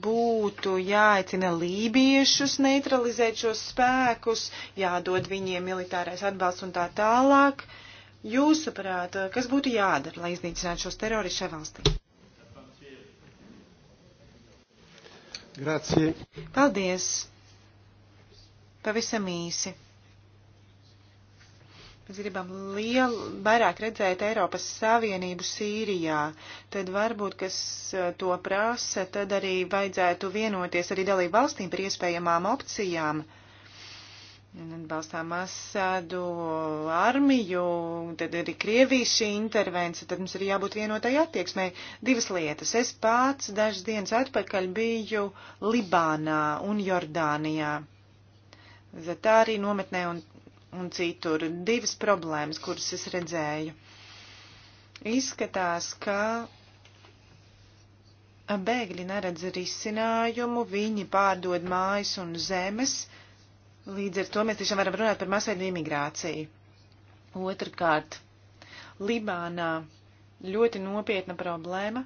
būtu jāaicina lībiešus neutralizēt šos spēkus, jādod viņiem militārais atbalsts un tā tālāk? Jūsuprāt, kas būtu jādara, lai iznīcinātu šos terorišķus šajā valstī? Grazie. Paldies. Pavisam īsi. Mēs gribam lielu, vairāk redzēt Eiropas Savienību Sīrijā. Tad varbūt, kas eh, to prasa, tad arī vajadzētu vienoties arī dalību valstīm par iespējamām opcijām. Atbalstām Asādu armiju, tad arī Krievijas šī intervence, tad mums ir jābūt vienotai attieksmei. Divas lietas. Es pats dažas dienas atpakaļ biju Libānā un Jordānijā. Zatārī nometnē un un citur. Divas problēmas, kuras es redzēju. Izskatās, ka bēgļi neredz risinājumu, viņi pārdod mājas un zemes, līdz ar to mēs tiešām varam runāt par masveidu imigrāciju. Otrkārt, Libānā ļoti nopietna problēma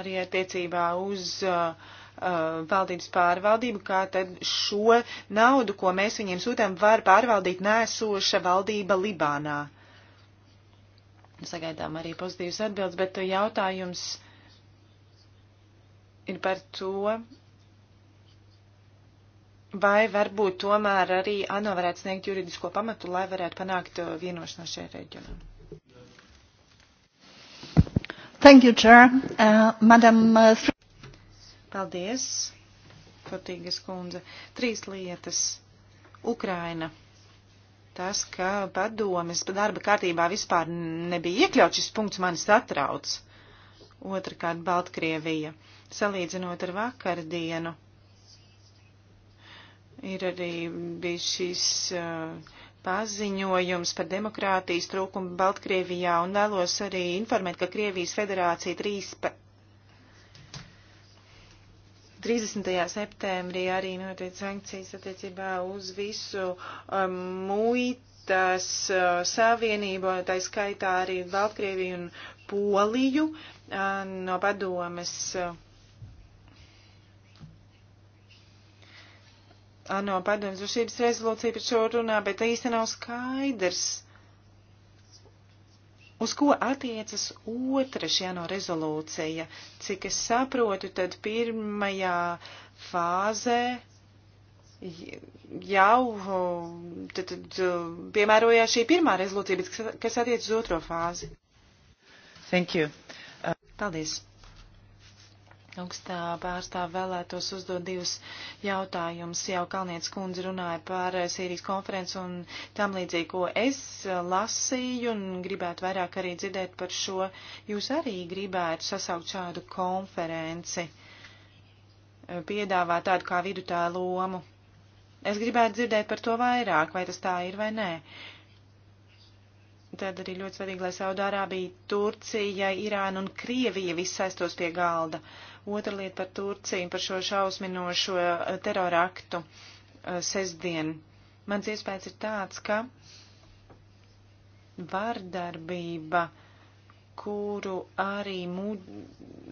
arī attiecībā uz uh, Uh, valdības pārvaldību, kā tad šo naudu, ko mēs viņiem sūtām, var pārvaldīt nēsoša valdība Libānā. Sagaidām arī pozitīvas atbildes, bet jautājums ir par to, vai varbūt tomēr arī ANO varētu sniegt juridisko pamatu, lai varētu panākt vienošanos šajā reģionā. Thank you, Chair. Uh, Madam, uh, Paldies, Kotīgas kundze. Trīs lietas. Ukraina. Tas, ka padomes darba kārtībā vispār nebija iekļauts šis punkts, mani satrauc. Otrakārt, Baltkrievija. Salīdzinot ar vakardienu, ir arī bijis šis uh, paziņojums par demokrātijas trūkumu Baltkrievijā un vēlos arī informēt, ka Krievijas federācija 13. 30. septembrī arī notiek sankcijas attiecībā uz visu um, muitas uh, savienību, tā skaitā arī Baltkrieviju un Poliju uh, no padomes. Uh, ANO padomas drošības rezolūcija par šo runā, bet īsti nav skaidrs Uz ko attiecas otra šī no rezolūcija? Cik es saprotu, tad pirmajā fāzē jau tad, tad, piemērojās šī pirmā rezolūcija, bet kas attiecas uz otro fāzi? Thank you. Uh... Paldies augstā pārstāv vēlētos uzdot divus jautājumus. Jau Kalnietis kundze runāja par Sīrijas konferenci un tam līdzīgi, ko es lasīju un gribētu vairāk arī dzirdēt par šo. Jūs arī gribētu sasaukt šādu konferenci, piedāvāt tādu kā vidutā lomu. Es gribētu dzirdēt par to vairāk, vai tas tā ir vai nē. Tad arī ļoti svarīgi, lai Saudārābija, Turcija, Irāna un Krievija viss saistos pie galda. Uh, Otra lieta par Turciju, par šo šausminošo eh, teroraktu eh, sestdien. Mans iespējas ir tāds, ka vardarbība, kuru arī mūd,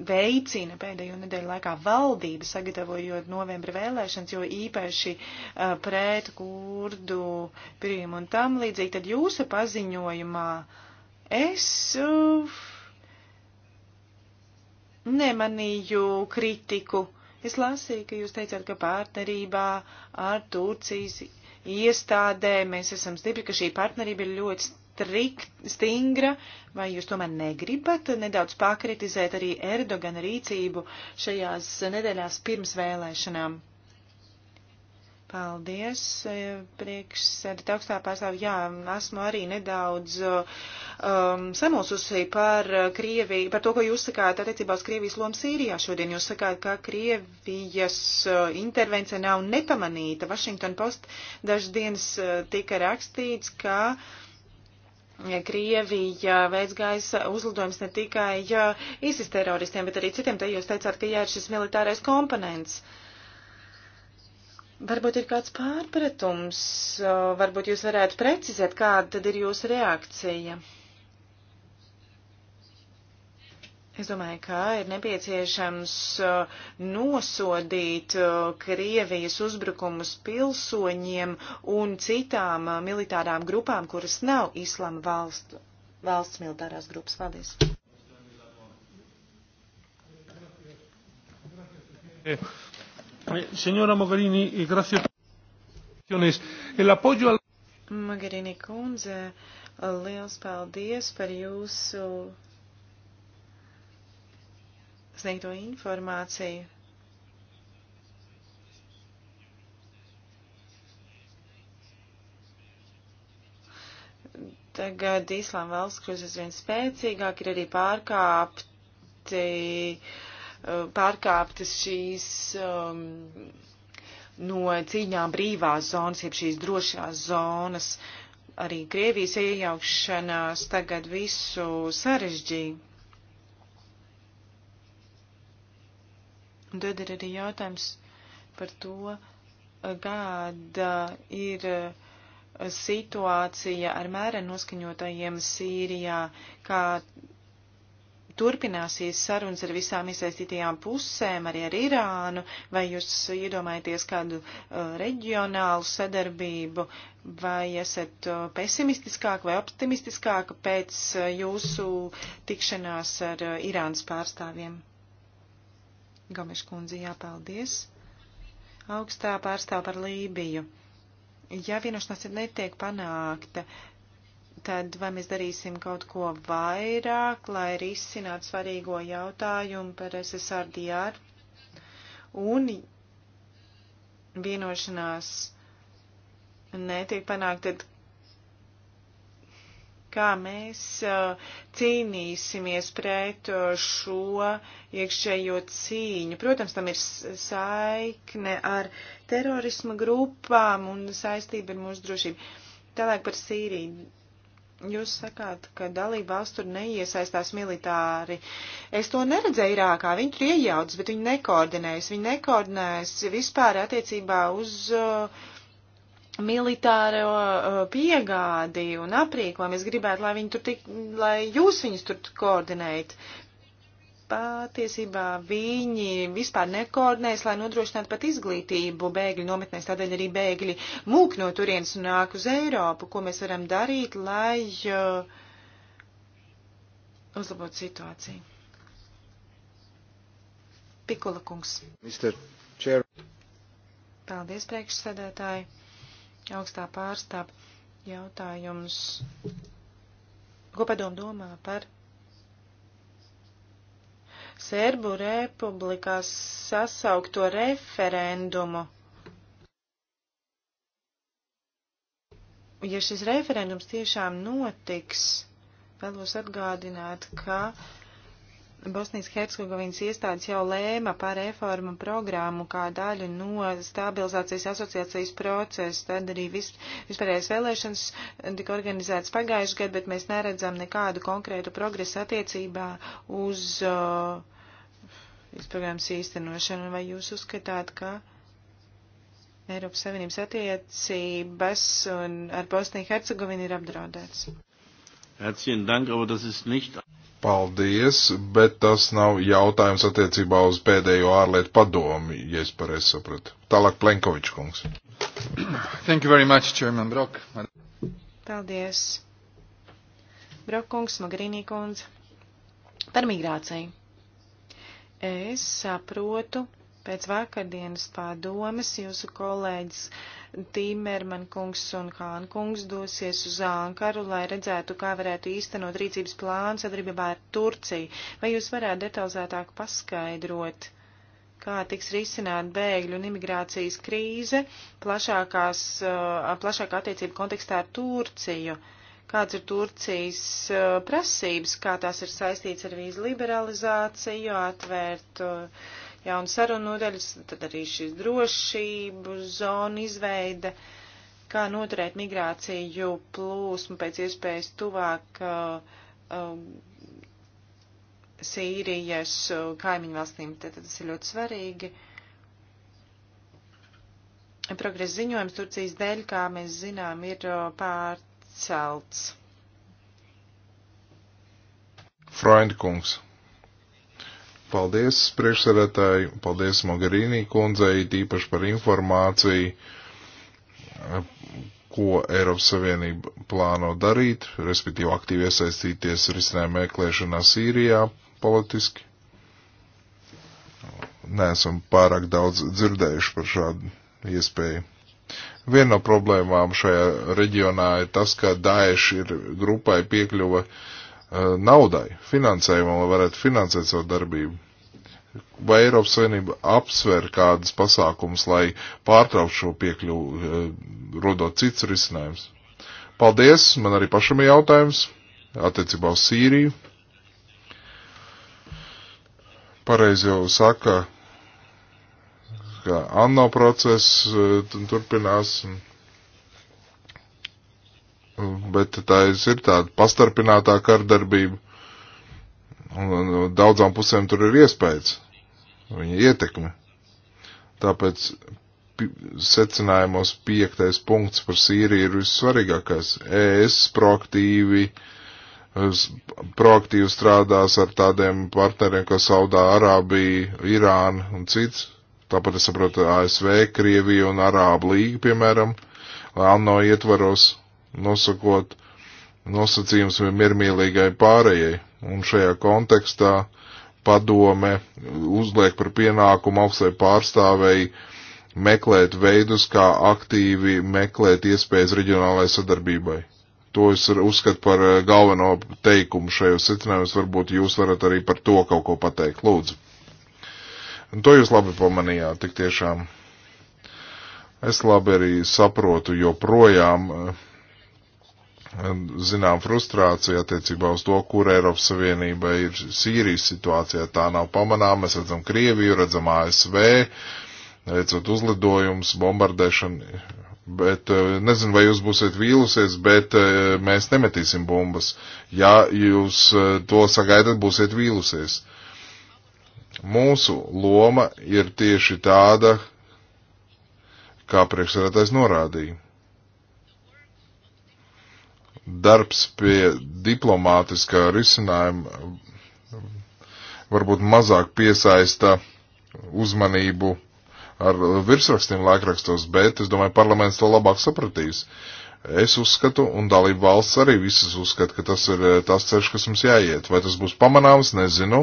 veicina pēdējo nedēļu laikā valdība, sagatavojot novembra vēlēšanas, jo īpaši uh, pret kurdu pirījumu un tam līdzīgi, tad jūsu paziņojumā es. Uh, nemanīju kritiku. Es lasīju, ka jūs teicāt, ka partnerībā ar Turcijas iestādē mēs esam stipri, ka šī partnerība ir ļoti strikt, stingra, vai jūs tomēr negribat nedaudz pakritizēt arī Erdogana rīcību šajās nedēļās pirms vēlēšanām? Paldies, e, priekšsēdēt augstā pārstāvja. Jā, esmu arī nedaudz e, um, samulsusi par e, Krieviju, par to, ko jūs sakāt attiecībā uz Krievijas lomu Sīrijā šodien. Jūs sakāt, ka Krievijas intervence nav nepamanīta. Washington Post dažas dienas tika rakstīts, ka. Krievija veids gaisa uzlidojums ne tikai ISIS teroristiem, bet arī citiem. Te jūs teicāt, ka jā, ir šis militārais komponents. Uh, Varbūt ir kāds pārpratums, varbūt jūs varētu precizēt, kāda tad ir jūsu reakcija. Es domāju, ka ir nepieciešams nosodīt Krievijas uzbrukumus pilsoņiem un citām militārām grupām, kuras nav islama valstu, valsts militārās grupas. Paldies! Yeah. Eh, Senora Mogherini, gracias. El apoyo al. Mogherini kundze, liels paldies par jūsu sniegto informāciju. Tagad Īslāma valsts kļūst aizvien spēcīgāk, ir arī pārkāpti Eh, pārkāptas šīs um, no cīņām brīvās zonas, jeb šīs drošās zonas. Arī Krievijas iejaukšanās tagad visu sarežģīja. Un tad ir arī jautājums par to, eh, kāda ir eh, situācija ar mēra noskaņotajiem Sīrijā, kā turpināsies sarunas ar visām iesaistītajām pusēm, arī ar Irānu, vai jūs iedomājaties kādu uh, reģionālu sadarbību, vai esat uh, pesimistiskāk vai optimistiskāk pēc uh, jūsu tikšanās ar uh, Irānas pārstāvjiem? Gomes kundze, jāpaldies. Augstā pārstāv par Lībiju. Ja vienošanās netiek panākta, uh, tad vai mēs darīsim kaut ko vairāk, lai arī izsinātu svarīgo jautājumu par SSRDR un vienošanās netiek panākt, tad kā mēs uh, cīnīsimies pret uh, šo iekšējo cīņu. Protams, tam ir saikne ar terorisma grupām un saistība ar mūsu drošību. Tālāk par Sīriju Jūs sakāt, ka dalība valsts tur neiesaistās militāri. Es to neredzēju Irākā. Viņi tur iejaucas, bet viņi nekoordinējas. Viņi nekoordinējas vispār attiecībā uz uh, militāro uh, piegādi un aprīkojumu. Es gribētu, lai viņi tur tik, lai jūs viņus tur koordinējat patiesībā viņi vispār nekoordinēs, lai nodrošinātu pat izglītību bēgļu nometnēs, tādēļ arī bēgļi mūk no turienes un nāk uz Eiropu, ko mēs varam darīt, lai uh, uzlabot situāciju. Pikula kungs. Mr. Chair. Paldies, priekšsēdētāji. Augstā pārstāv jautājums. Ko padomu domā par Serbu republikās sasaukto referendumu. Ja šis referendums tiešām notiks, vēlos atgādināt, ka uh, Bosnijas Hercegovinas iestādes jau lēma par reformu programmu kā daļu no stabilizācijas asociācijas procesa. Tad arī vis, vispārējais vēlēšanas tika organizētas pagājuši gadu, bet mēs neredzam nekādu konkrētu progresu attiecībā uz uh, programmas īstenošanu. Vai jūs uzskatāt, ka Eiropas Savienības attiecības ar Bosniju Hercegovinu ir apdraudēts? Herzlichen Dank, aber das ist nicht. Paldies, bet tas nav jautājums attiecībā uz pēdējo ārlietu padomi, ja es pareizi sapratu. Tālāk Plenkovičs kungs. Thank you very much, Chairman Brok. Paldies. Brok kungs, Magarīnī kundze. Par migrāciju. Es saprotu, Pēc vakardienas pārdomas jūsu kolēģis Tīmerman kungs un Hāna kungs dosies uz Ankaru, lai redzētu, kā varētu īstenot rīcības plānu sadarbībā ar Turciju. Vai jūs varētu detalizētāk paskaidrot, kā tiks risināt bēgļu un imigrācijas krīze plašākās, uh, plašākā attiecība kontekstā ar Turciju? kāds ir Turcijas uh, prasības, kā tās ir saistīts ar vīzu liberalizāciju, atvērt uh, jauna saruna nodaļas, tad arī šis drošību zonu izveida, kā noturēt migrāciju plūsmu pēc iespējas tuvāk uh, uh, Sīrijas uh, kaimiņu valstīm. Tad tas ir ļoti svarīgi. Progresa ziņojums Turcijas dēļ, kā mēs zinām, ir uh, pārcelts. Freund kungs. Paldies, priekšsarētāji, paldies Mogarīnī kundzei, tīpaši par informāciju, ko Eiropas Savienība plāno darīt, respektīvi aktīvi iesaistīties risinājuma meklēšanā Sīrijā politiski. Nesam pārāk daudz dzirdējuši par šādu iespēju. Viena no problēmām šajā reģionā ir tas, ka Daesh ir grupai piekļuva uh, Uh, naudai, finansējumam, lai varētu finansēt savu darbību? Vai Eiropas Savienība apsver kādas pasākumus, lai pārtrauktu šo piekļuvu, uh, rodot cits risinājums? Paldies, man arī pašam ir jautājums attiecībā uz Sīriju. Pareizi jau saka, ka ANO process uh, turpinās. Un bet tā ir tāda pastarpinātā kardarbība. Un daudzām pusēm tur ir iespējas, viņa ietekme. Tāpēc secinājumos piektais punkts par Sīriju ir vissvarīgākais. ES proaktīvi, proaktīvi strādās ar tādiem partneriem, kā Saudā Arābija, Irāna un cits. Tāpat es saprotu ASV, Krievija un Arābu līga, piemēram, ANO ietvaros nosakot nosacījums miermīlīgai pārējai. Un šajā kontekstā padome uzliek par pienākumu augstai pārstāvēji meklēt veidus, kā aktīvi meklēt iespējas reģionālajai sadarbībai. To es uzskatu par eh, galveno teikumu šajos secinājumus. Varbūt jūs varat arī par to kaut ko pateikt. Lūdzu. Un to jūs labi pamanījāt, tik tiešām. Es labi arī saprotu joprojām eh, zinām frustrāciju attiecībā uz to, kur Eiropas Savienība ir Sīrijas situācijā. Tā nav pamanām, mēs redzam Krieviju, redzam ASV, veicot uzlidojumus, bombardēšanu, bet eh, nezinu, vai jūs būsiet vīlusies, bet eh, mēs nemetīsim bombas. Ja jūs eh, to sagaidat, būsiet vīlusies. Mūsu loma ir tieši tāda, kā priekšsēdētājs norādīja darbs pie diplomātiskā risinājuma varbūt mazāk piesaista uzmanību ar virsrakstiem laikrakstos, bet es domāju, parlaments to labāk sapratīs. Es uzskatu, un dalību valsts arī visas uzskata, ka tas ir eh, tas ceļš, kas mums jāiet. Vai tas būs pamanāms, nezinu.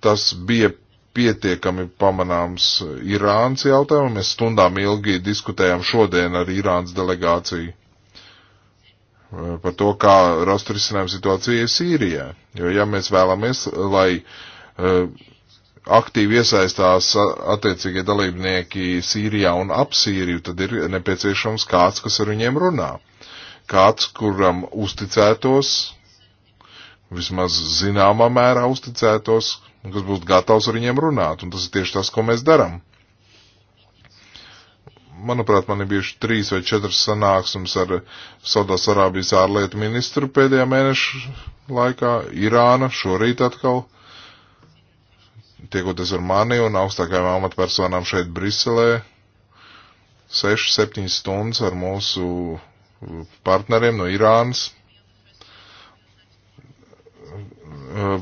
Tas bija pietiekami pamanāms Irānas jautājumam. Mēs stundām ilgi diskutējām šodien ar Irānas delegāciju Eh, par to, kā rast risinājumu situācijai Sīrijā. Jo, ja mēs vēlamies, lai eh, aktīvi iesaistās attiecīgie dalībnieki Sīrijā un ap Sīriju, tad ir nepieciešams kāds, kas ar viņiem runā. Kāds, kuram uzticētos, vismaz zināmā mērā uzticētos, un kas būtu gatavs ar viņiem runāt. Un tas ir tieši tas, ko mēs darām manuprāt, man ir bijuši trīs vai četras sanāksmes ar Saudās Arābijas ārlietu ministru pēdējā mēneša laikā, Irāna šorīt atkal, tiekoties ar mani un augstākajām amatpersonām šeit Briselē, 6-7 stundas ar mūsu partneriem no Irānas.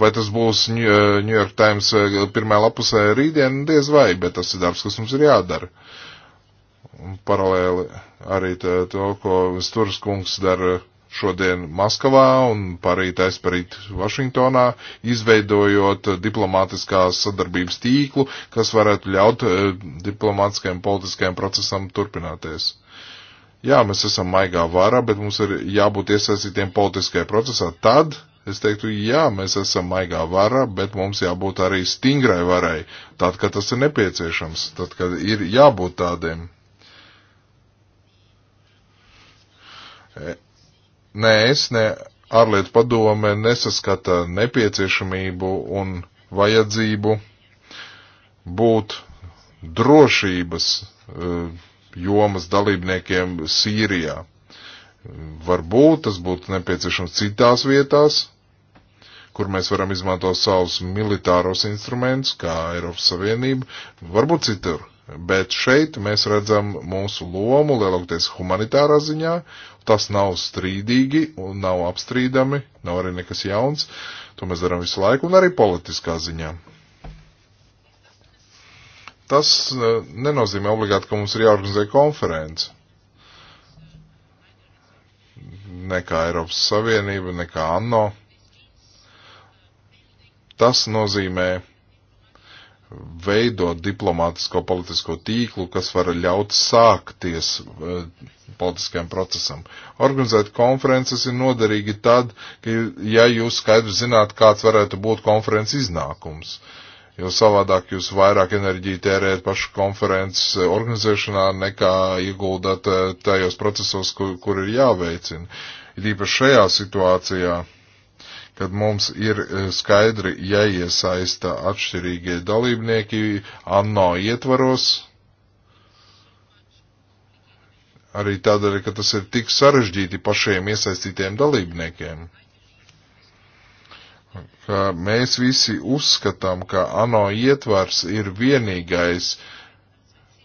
Vai tas būs New eh, York Times eh, pirmajā lapusē rītdien, diez vai, bet tas ir darbs, kas mums ir jādara. Uh, paralēli arī to, ko Sturs kungs dara šodien Maskavā un parīt aizparīt Vašingtonā, izveidojot diplomātiskās sadarbības tīklu, kas varētu ļaut e, diplomātiskajam politiskajam procesam turpināties. Jā, mēs esam maigā vara, bet mums ir jābūt iesaistītiem politiskajā procesā. Tad es teiktu, jā, mēs esam maigā vara, bet mums jābūt arī stingrai varai, tad, kad tas ir nepieciešams, tad, kad ir jābūt tādiem. Ne es, ne ārlietu padome nesaskata nepieciešamību un vajadzību būt drošības eh, jomas dalībniekiem Sīrijā. Varbūt tas būtu nepieciešams citās vietās, kur mēs varam izmantot savus militāros instrumentus, kā Eiropas Savienība, varbūt citur. Bet šeit mēs redzam mūsu lomu lielākoties humanitārā ziņā Tas nav strīdīgi un nav apstrīdami, nav arī nekas jauns. To mēs darām visu laiku un arī politiskā ziņā. Tas eh, nenozīmē obligāti, ka mums ir jāorganizē konference. Ne kā Eiropas Savienība, ne kā ANO. Tas nozīmē veidot diplomātisko politisko tīklu, kas var ļaut sākties uh, politiskajam procesam. Organizēt konferences ir noderīgi tad, ka, ja jūs skaidri zināt, kāds varētu būt konferences iznākums. Jo savādāk jūs vairāk enerģiju tērējat pašu konferences eh, organizēšanā, nekā ieguldat eh, tajos procesos, kur, kur ir jāveicina. Ir īpaši šajā situācijā kad mums ir eh, skaidri jāiesaista atšķirīgie dalībnieki ANO ietvaros, arī tādēļ, ka tas ir tik sarežģīti pašiem iesaistītiem dalībniekiem ka mēs visi uzskatām, ka ANO ietvars ir vienīgais,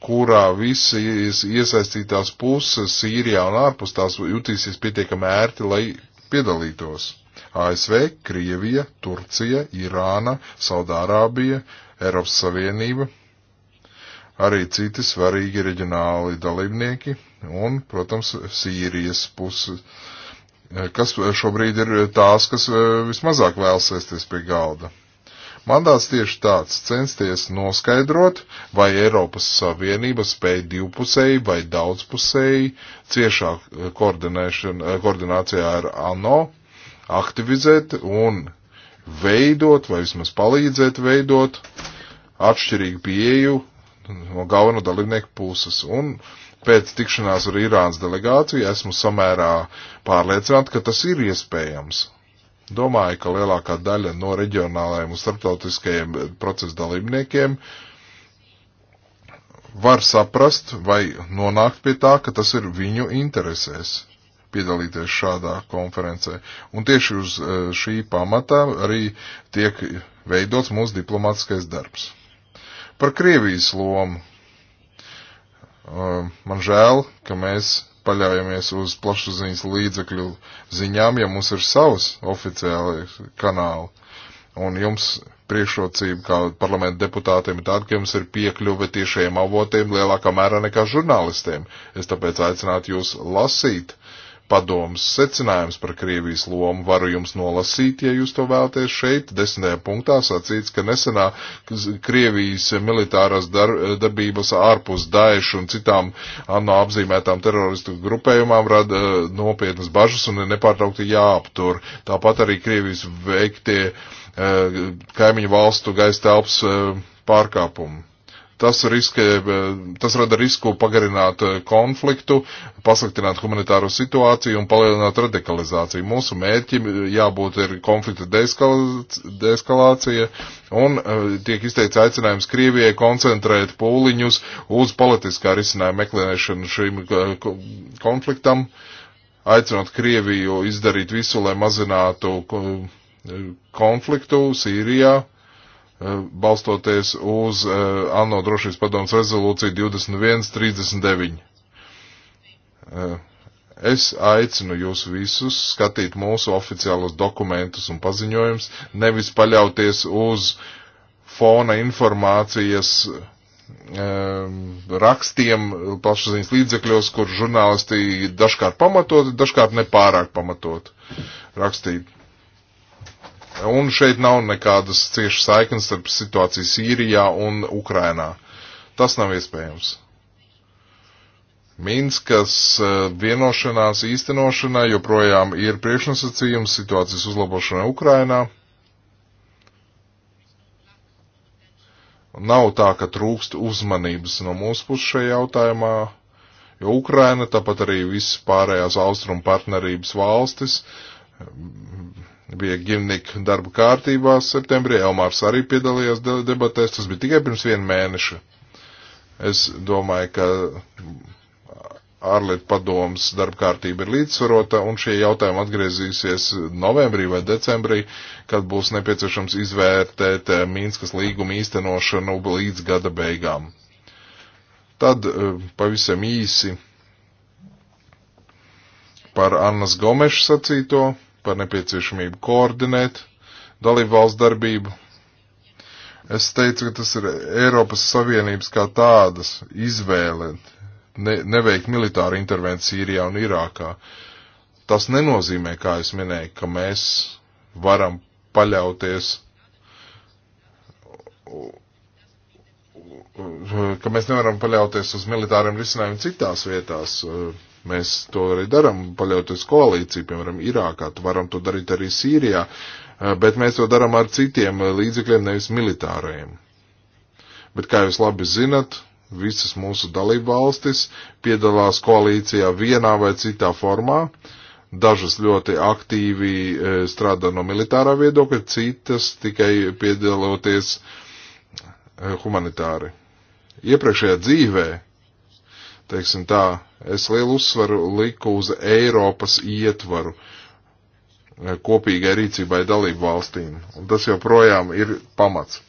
kurā visas iesaistītās puses Sīrijā un ārpus tās jutīsies pietiekami ērti, lai piedalītos. ASV, Krievija, Turcija, Irāna, Saudārābija, Eiropas Savienība, arī citi svarīgi reģionāli dalībnieki un, protams, Sīrijas puse, kas šobrīd ir tās, kas eh, vismazāk vēlas sēsties pie galda. Mandāts tieši tāds - censties noskaidrot, vai Eiropas Savienība spēj divpusēji vai daudzpusēji ciešāk eh, eh, koordinācijā ar ANO aktivizēt un veidot, vai vismaz palīdzēt veidot atšķirīgu pieeju no galveno dalībnieku puses. Un pēc tikšanās ar Irānas delegāciju esmu samērā pārliecināta, ka tas ir iespējams. Domāju, ka lielākā daļa no reģionālajiem un starptautiskajiem procesu dalībniekiem var saprast vai nonākt pie tā, ka tas ir viņu interesēs piedalīties šādā konferencē. Un tieši uz eh, šī pamatā arī tiek veidots mūsu diplomātiskais darbs. Par Krievijas lomu. Eh, man žēl, ka mēs paļaujamies uz plašsaziņas līdzekļu ziņām, ja mums ir savs oficiālais kanāli. Un jums priekšrocība kā parlamenta deputātiem ir tāda, ka jums ir piekļuve tiešajiem avotiem lielākā mērā nekā žurnālistiem. Es tāpēc aicinātu jūs lasīt padomas secinājums par Krievijas lomu varu jums nolasīt, ja jūs to vēlaties šeit. Desmitajā punktā sacīts, ka nesenā Krievijas militārās dar darbības ārpus Daešu un citām ANO apzīmētām teroristu grupējumām rada eh, nopietnas bažas un ir nepārtraukti jāaptur. Tāpat arī Krievijas veiktie eh, kaimiņu valstu gaisa telpas eh, pārkāpumi Tas, riskē, eh, tas rada risku pagarināt eh, konfliktu, pasliktināt humanitāro situāciju un palielināt radikalizāciju. Mūsu mērķim jābūt ir konflikta deeskalācija un eh, tiek izteikts aicinājums Krievijai koncentrēt pūliņus uz politiskā risinājuma meklēšanu šim konfliktam, aicinot Krieviju izdarīt visu, lai mazinātu konfliktu Sīrijā Eh, balstoties uz eh, ANO drošības padomas rezolūciju 2139. Eh, es aicinu jūs visus skatīt mūsu oficiālos dokumentus un paziņojumus, nevis paļauties uz fona informācijas rakstiem plašsaziņas līdzekļos, kur žurnālisti dažkārt pamatoti, dažkārt nepārāk pamatot rakstīt. Un šeit nav nekādas ciešas saiknes starp situāciju Sīrijā un Ukrainā. Tas nav iespējams. Minskas e, vienošanās īstenošanai joprojām ir priekšnosacījums situācijas uzlabošanai Ukrainā. Nav tā, ka trūkst uzmanības no mūsu puses šajā jautājumā, jo Ukraina, tāpat arī visas pārējās austrumu partnerības valstis, bija ģimnika darba kārtībā septembrī, Elmārs arī piedalījās debatēs, tas bija tikai pirms viena mēneša. Es domāju, ka ārlietu padomas darba kārtība ir līdzsvarota, un šie jautājumi atgriezīsies novembrī vai decembrī, kad būs nepieciešams izvērtēt eh, Mīnskas līguma īstenošanu līdz gada beigām. Tad eh, pavisam īsi par Annas Gomešu sacīto par nepieciešamību koordinēt dalību valsts darbību. Es teicu, ka tas ir Eiropas Savienības kā tādas izvēle ne, neveikt militāru intervenciju Sīrijā un Irākā. Tas nenozīmē, kā es minēju, ka mēs varam paļauties ka mēs nevaram paļauties uz militāriem risinājumiem citās vietās. Uh, Mēs to arī darām, paļauties koalīciju, piemēram, Irākā, tu varam to darīt arī Sīrijā, eh, bet mēs to darām ar citiem eh, līdzekļiem, nevis militārajiem. Bet, kā jūs labi zinat, visas mūsu dalība valstis piedalās koalīcijā vienā vai citā formā. Dažas ļoti aktīvi eh, strādā no militārā viedokļa, citas tikai piedaloties humanitāri. Iepriekšējā dzīvē, teiksim tā, Es lielu uzsvaru liku uz Eiropas ietvaru eh, kopīgai rīcībai dalību valstīm, un tas joprojām ir pamats.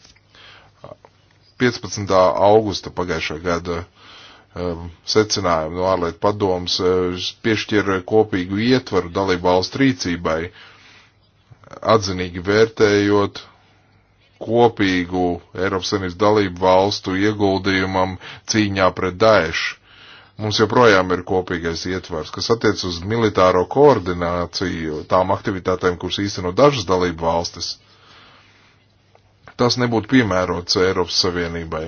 15. augusta pagājušā gada eh, secinājumu no ārlietu padomas eh, piešķir kopīgu ietvaru dalību valstu rīcībai, atzinīgi vērtējot kopīgu Eiropas Savienības dalību valstu ieguldījumam cīņā pret Daešu mums joprojām ir kopīgais ietvars, kas attiec uz militāro koordināciju tām aktivitātēm, kuras īsteno dažas dalību valstis. Tas nebūtu piemērots Eiropas Savienībai,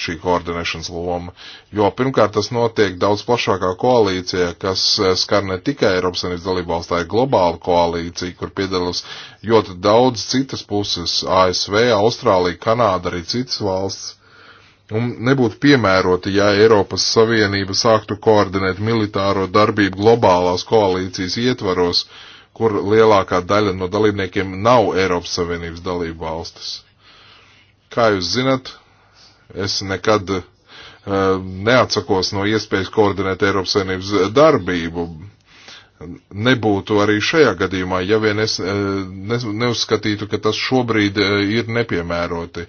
šī koordinēšanas loma, jo pirmkārt tas notiek daudz plašākā koalīcijā, kas eh, skar ne tikai Eiropas Savienības dalību valsts, tā ir globāla koalīcija, kur piedalās ļoti daudz citas puses - ASV, Austrālija, Kanāda, arī citas valsts Un nebūtu piemēroti, ja Eiropas Savienība sāktu koordinēt militāro darbību globālās koalīcijas ietvaros, kur lielākā daļa no dalībniekiem nav Eiropas Savienības dalību valstis. Kā jūs zinat, es nekad uh, neatsakos no iespējas koordinēt Eiropas Savienības darbību, nebūtu arī šajā gadījumā, ja vien es eh, ne, neuzskatītu, ka tas šobrīd eh, ir nepiemēroti.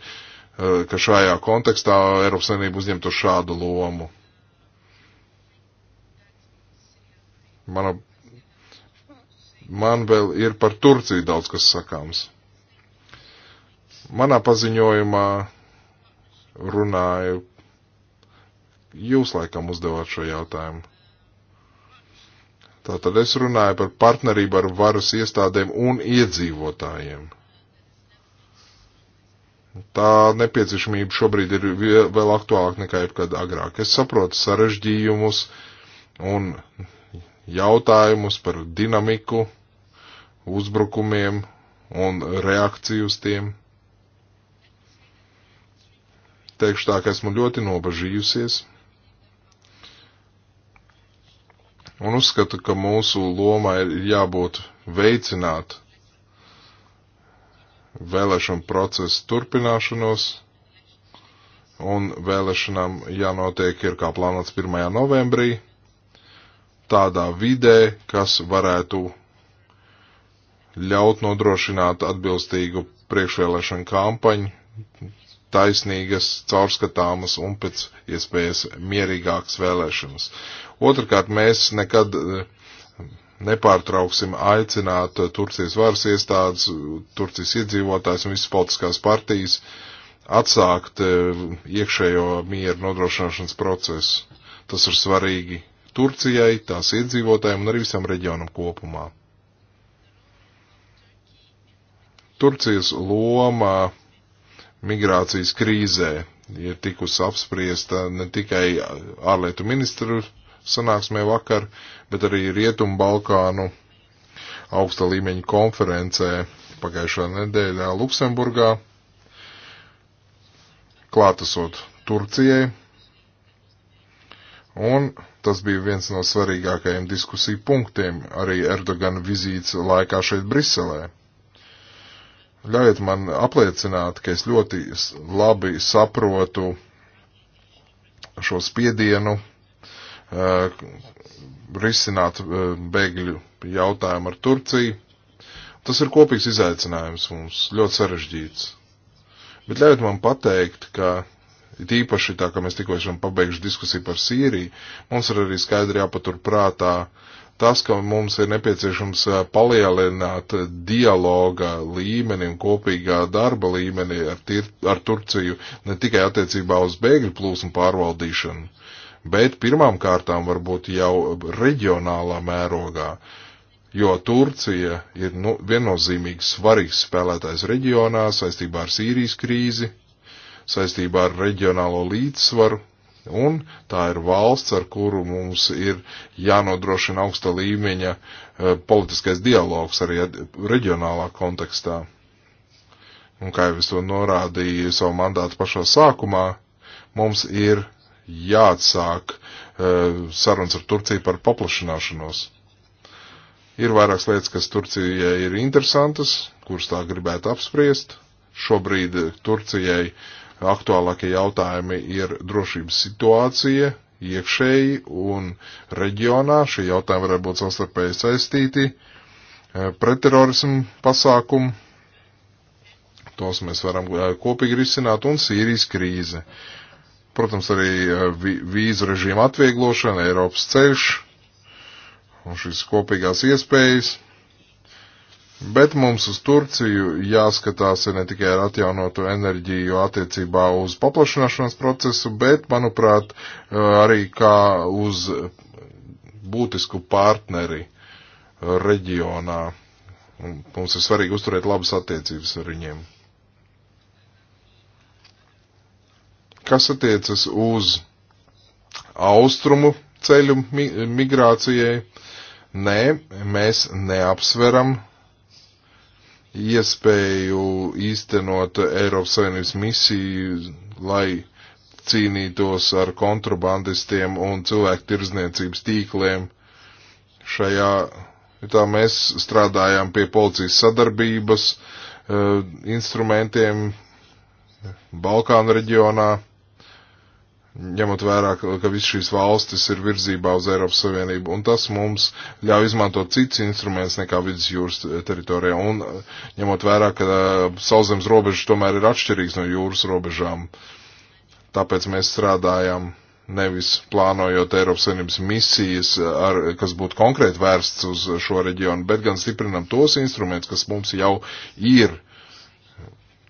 Eh, ka šajā kontekstā Eiropas Savienība uzņemtu šādu lomu. Mana, man vēl ir par Turciju daudz kas sakāms. Manā paziņojumā runāju, jūs laikam uzdevāt šo jautājumu. Tātad es runāju par partnerību ar varas iestādēm un iedzīvotājiem. Tā nepieciešamība šobrīd ir vēl aktuālāk nekā jebkad agrāk. Es saprotu sarežģījumus un jautājumus par dinamiku, uzbrukumiem un reakciju uz tiem. Teikšu tā, ka esmu ļoti nobažījusies. Un uzskatu, ka mūsu lomā ir jābūt veicināt vēlēšanu procesu turpināšanos, un vēlēšanām jānotiek ir kā plānots 1. novembrī, tādā vidē, kas varētu ļaut nodrošināt atbilstīgu priekšvēlēšanu kampaņu, taisnīgas, caurskatāmas un pēc iespējas mierīgākas vēlēšanas. Otrakārt, mēs nekad uh, nepārtrauksim aicināt Turcijas varas iestādes, Turcijas iedzīvotājs un visas politiskās partijas atsākt e, iekšējo mieru nodrošināšanas procesu. Tas ir svarīgi Turcijai, tās iedzīvotājiem un arī visam reģionam kopumā. Turcijas loma migrācijas krīzē ir tikusi apspriesta ne tikai ārlietu ministru sanāksmē vakar, bet arī Rietumu Balkānu augsta līmeņa konferencē pagājušā nedēļā Luksemburgā, klātesot Turcijai. Un tas bija viens no svarīgākajiem diskusiju punktiem arī Erdogana vizītes laikā šeit Briselē. Ļaujiet man apliecināt, ka es ļoti labi saprotu šo spiedienu, uh, risināt uh, bēgļu jautājumu ar Turciju. Tas ir kopīgs izaicinājums mums, ļoti sarežģīts. Bet ļaujiet man pateikt, ka it īpaši tā, ka mēs tikko esam pabeiguši diskusiju par Sīriju, mums ir arī skaidri jāpatur prātā tas, ka mums ir nepieciešams uh, palielināt dialoga līmeni un kopīgā darba līmeni ar, tir, ar Turciju ne tikai attiecībā uz bēgļu plūsmu pārvaldīšanu, bet pirmām kārtām varbūt jau reģionālā mērogā, jo Turcija ir nu, viennozīmīgi svarīgs spēlētājs reģionā saistībā ar Sīrijas krīzi, saistībā ar reģionālo līdzsvaru, un tā ir valsts, ar kuru mums ir jānodrošina augsta līmeņa eh, politiskais dialogs arī reģionālā kontekstā. Un kā jau es to norādīju savu mandātu pašā sākumā, mums ir jāatsāk uh, sarunas ar Turciju par paplašināšanos. Ir vairākas lietas, kas Turcijai ir interesantas, kuras tā gribētu apspriest. Šobrīd Turcijai aktuālākie jautājumi ir drošības situācija iekšēji un reģionā. Šie jautājumi varētu būt savstarpēji saistīti. E, pretterorismu pasākumu, tos mēs varam e, kopīgi risināt, un Sīrijas krīze. Uh, Protams, arī eh, vīzu režīma atvieglošana, Eiropas ceļš un šīs kopīgās iespējas. Bet mums uz Turciju jāskatās ne tikai ar atjaunotu enerģiju attiecībā uz paplašināšanas procesu, bet, manuprāt, eh, arī kā uz būtisku partneri reģionā. Mums ir svarīgi uzturēt labas attiecības ar viņiem. Kas attiecas uz austrumu ceļu migrācijai? Nē, mēs neapsveram iespēju īstenot Eiropas Savienības misiju, lai cīnītos ar kontrabandistiem un cilvēku tirzniecības tīkliem. Šajā tā mēs strādājām pie policijas sadarbības uh, instrumentiem Balkānu reģionā ņemot vērā, ka visas šīs valstis ir virzībā uz Eiropas Savienību, un tas mums ļauj izmantot cits instruments nekā vidusjūras teritorijā, un ņemot vērā, ka uh, sauszemes robežas tomēr ir atšķirīgs no jūras robežām. Tāpēc mēs strādājam nevis plānojot Eiropas Savienības misijas, uh, ar, kas būtu konkrēti vērsts uz šo reģionu, bet gan stiprinam tos instrumentus, kas mums jau ir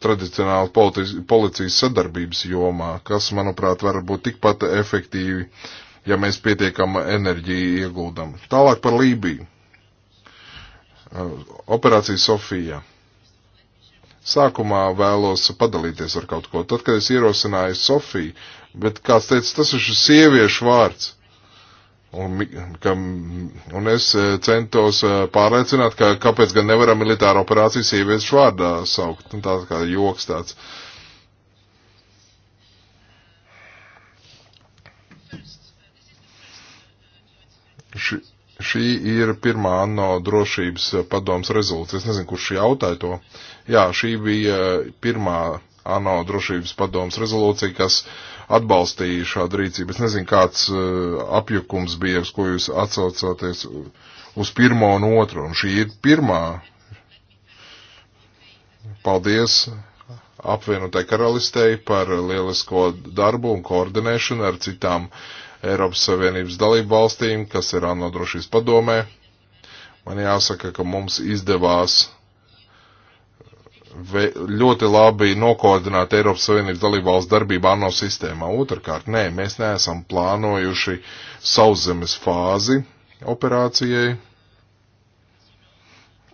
tradicionāli politi policijas sadarbības jomā, kas, manuprāt, var būt tikpat efektīvi, ja mēs pietiekam enerģiju ieguldam. Tālāk par Lībiju. Uh, operācija Sofija. Sākumā vēlos padalīties ar kaut ko. Tad, kad es ierosināju Sofiju, bet kāds teica, tas ir šis sieviešu vārds. Un, kam, un es e, centos e, pārliecināt, ka kāpēc gan nevaram militāru operāciju sieviešu vārdā saukt. Un nu, tāds kā joks tāds. Ši, šī ir pirmā ANO drošības padomas rezolūcija. Es nezinu, kurš jautāja to. Jā, šī bija pirmā ANO drošības padomas rezolūcija, kas uh, atbalstīja šādu rīcību. Es nezinu, kāds uh, apjukums bija, uz ko jūs atsaucāties uh, uz pirmo un otro, un šī ir pirmā. Paldies apvienotai karalistei par lielisko darbu un koordinēšanu ar citām Eiropas Savienības dalību valstīm, kas ir ANO drošības padomē. Man jāsaka, ka mums izdevās ļoti labi nokoordināt Eiropas Savienības dalībvalsts darbību ANO sistēmā. Otrakārt, nē, mēs neesam plānojuši sauszemes fāzi operācijai.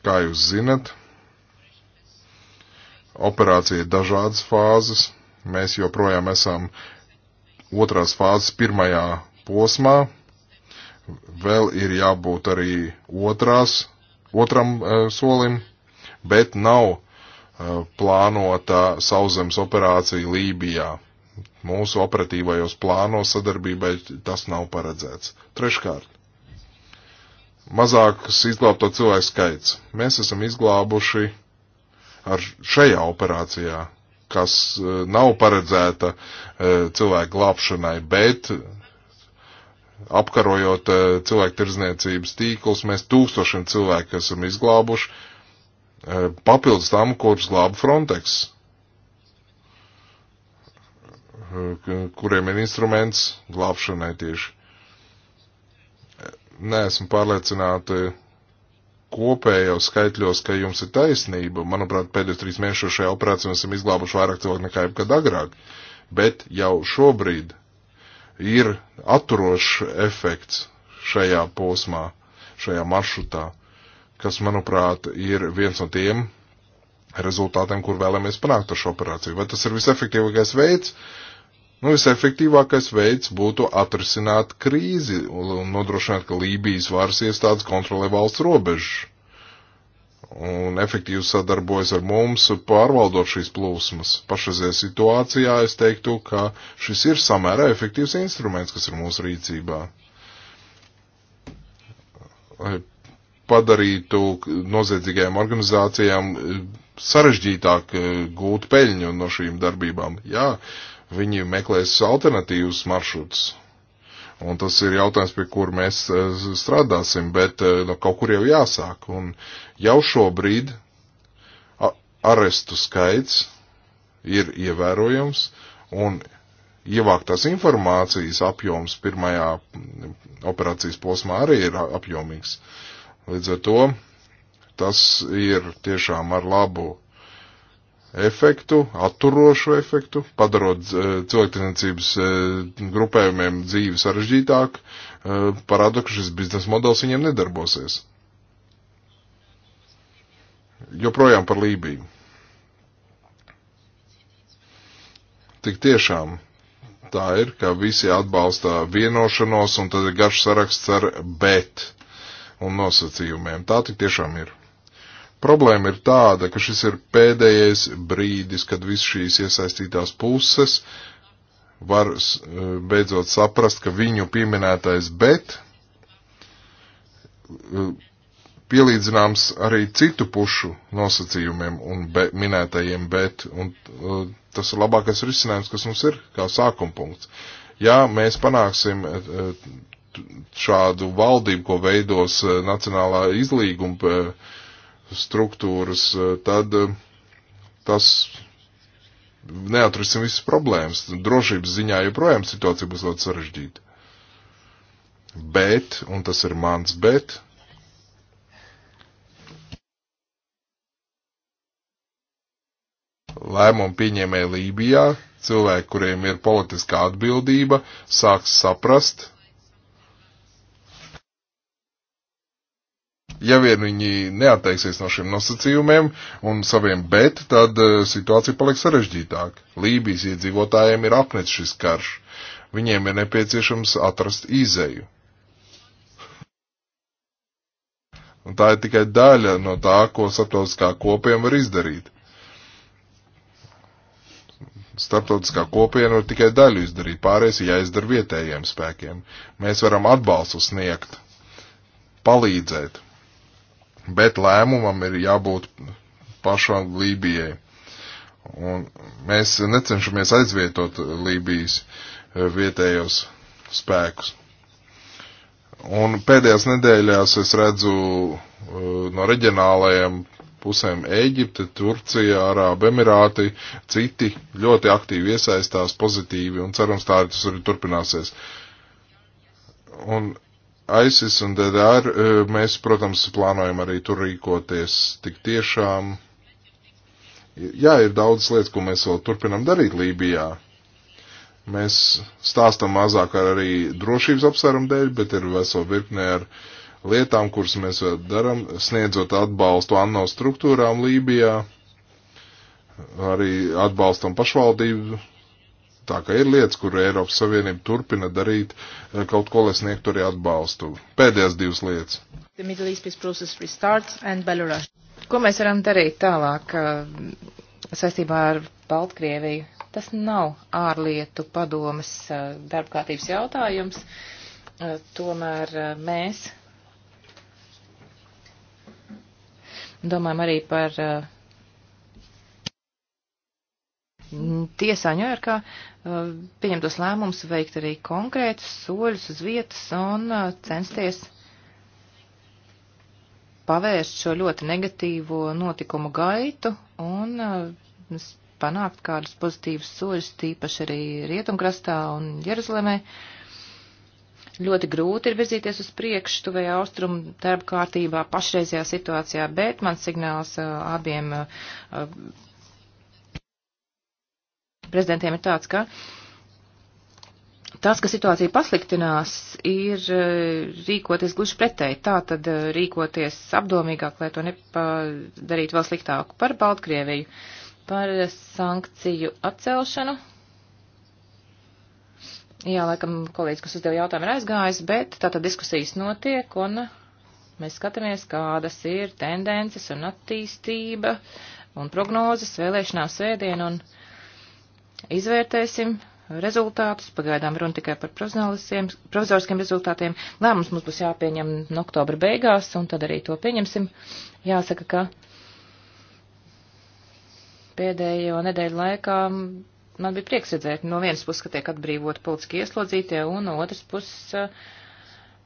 Kā jūs zinat, operācija ir dažādas fāzes. Mēs joprojām esam otrās fāzes pirmajā posmā. Vēl ir jābūt arī otrās, otram uh, solim, bet nav plānota sauszemes operācija Lībijā. Mūsu operatīvajos plānos sadarbībai tas nav paredzēts. Treškārt, mazāks izglābto cilvēku skaits. Mēs esam izglābuši ar šajā operācijā, kas nav paredzēta cilvēku glābšanai, bet apkarojot cilvēku tirdzniecības tīklus, mēs tūkstošiem cilvēku esam izglābuši, Eh, papildus tam, kurus glāba Frontex, eh, kuriem ir instruments glābšanai tieši. Eh, nē, esmu pārliecināta kopējos skaitļos, ka jums ir taisnība. Manuprāt, pēdējos trīs mēnešos šajā operācijā esam izglābuši vairāk cilvēku nekā jebkad agrāk. Bet jau šobrīd ir atturošs efekts šajā posmā, šajā maršrutā kas, manuprāt, ir viens no tiem rezultātiem, kur vēlamies panākt ar šo operāciju. Vai tas ir visefektīvākais veids? Nu, visefektīvākais veids būtu atrisināt krīzi un nodrošināt, ka Lībijas varas iestādes kontrolē valsts robežu un efektīvi sadarbojas ar mums, pārvaldot šīs plūsmas. Pašreizajā situācijā es teiktu, ka šis ir samērā efektīvs instruments, kas ir mūsu rīcībā. Lai padarītu noziedzīgajām organizācijām eh, sarežģītāk eh, gūt peļņu no šīm darbībām. Jā, viņi meklēs alternatīvus maršrutus. Un tas ir jautājums, pie kur mēs eh, strādāsim, bet no kaut kur jau jāsāk. Un jau šobrīd arestu skaits ir ievērojams un ievāktās informācijas apjoms pirmajā mm, operācijas posmā arī ir apjomīgs. Uh, Līdz ar to tas ir tiešām ar labu efektu, atturošu efektu, padarot eh, cilvēktirdzniecības eh, grupējumiem dzīvi sarežģītāk, eh, parāda, ka šis biznesa modelis viņiem nedarbosies. Joprojām par Lībiju. Tik tiešām tā ir, ka visi atbalsta vienošanos un tad ir garš saraksts ar bet un nosacījumiem. Tā tik tiešām ir. Problēma ir tāda, ka šis ir pēdējais brīdis, kad visas šīs iesaistītās puses var eh, beidzot saprast, ka viņu pieminētais bet eh, pielīdzināms arī citu pušu nosacījumiem un be, minētajiem bet, un eh, tas ir labākais risinājums, kas mums ir kā sākumpunkts. Ja mēs panāksim šādu valdību, ko veidos eh, Nacionālā izlīguma eh, struktūras, eh, tad tas neatrisim visas problēmas. Drošības ziņā joprojām situācija būs ļoti sarežģīta. Bet, un tas ir mans bet, lēmumu pieņēmēji Lībijā, cilvēki, kuriem ir politiskā atbildība, sāks saprast, Ja vien viņi neatteiksies no šiem nosacījumiem un saviem bet, tad eh, situācija paliks sarežģītāka. Lībijas iedzīvotājiem ir apnicis šis karš. Viņiem ir nepieciešams atrast izēju. Un tā ir tikai daļa no tā, ko starptautiskā kopiena var izdarīt. Starptautiskā kopiena var tikai daļu izdarīt, pārējais ir jāizdara vietējiem spēkiem. Mēs varam atbalstu sniegt, palīdzēt bet lēmumam ir jābūt pašam Lībijai. Un mēs necenšamies aizvietot Lībijas e, vietējos spēkus. Un pēdējās nedēļās es redzu e, no reģionālajiem pusēm Ēģipte, Turcija, Arāba Emirāti, citi ļoti aktīvi iesaistās pozitīvi un cerams tā arī tas arī turpināsies. Un ISIS un DDR, e, mēs, protams, plānojam arī tur rīkoties tik tiešām. Jā, ir daudz lietas, ko mēs vēl turpinam darīt Lībijā. Mēs stāstam mazāk arī drošības apsvērumu dēļ, bet ir vesela virkne ar lietām, kuras mēs vēl daram, sniedzot atbalstu ANO struktūrām Lībijā, arī atbalstam pašvaldību Tā ka ir lietas, kur Eiropas Savienība turpina darīt eh, kaut ko, lai sniegtu arī atbalstu. Pēdējās divas lietas. Ko mēs varam darīt tālāk eh, saistībā ar Baltkrieviju? Tas nav ārlietu padomas eh, darbkārtības jautājums. Tomēr mēs domājam arī par uh, tiesā Ņujorkā uh, pieņemtos lēmumus, veikt arī konkrētus soļus uz vietas un uh, censties pavērst šo ļoti negatīvo notikumu gaitu un uh, panākt kādus pozitīvus soļus, tīpaši arī Rietumkrastā un Jeruzalemē. Ļoti grūti ir virzīties uz priekšu tuvējā austrumu darba kārtībā pašreizajā situācijā, bet man signāls abiem prezidentiem ir tāds, ka tas, ka situācija pasliktinās, ir e, rīkoties gluži pretēji. Tā tad e, rīkoties apdomīgāk, lai to nepadarītu vēl sliktāku par Baltkrieviju, par sankciju atcelšanu. Jā, laikam kolēģis, kas uzdeva jautājumu, ir aizgājis, bet tātad diskusijas notiek un mēs skatāmies, kādas ir tendences un attīstība un prognozes vēlēšanās svētdien un. Uh, izvērtēsim rezultātus. Pagaidām runa tikai par provizoriskiem rezultātiem. Lēmums mums būs jāpieņem no oktobra beigās, un tad arī to pieņemsim. Jāsaka, ka pēdējo nedēļu laikā man bija prieks redzēt no vienas puses, ka tiek atbrīvot politiski ieslodzītie, un no otras puses uh,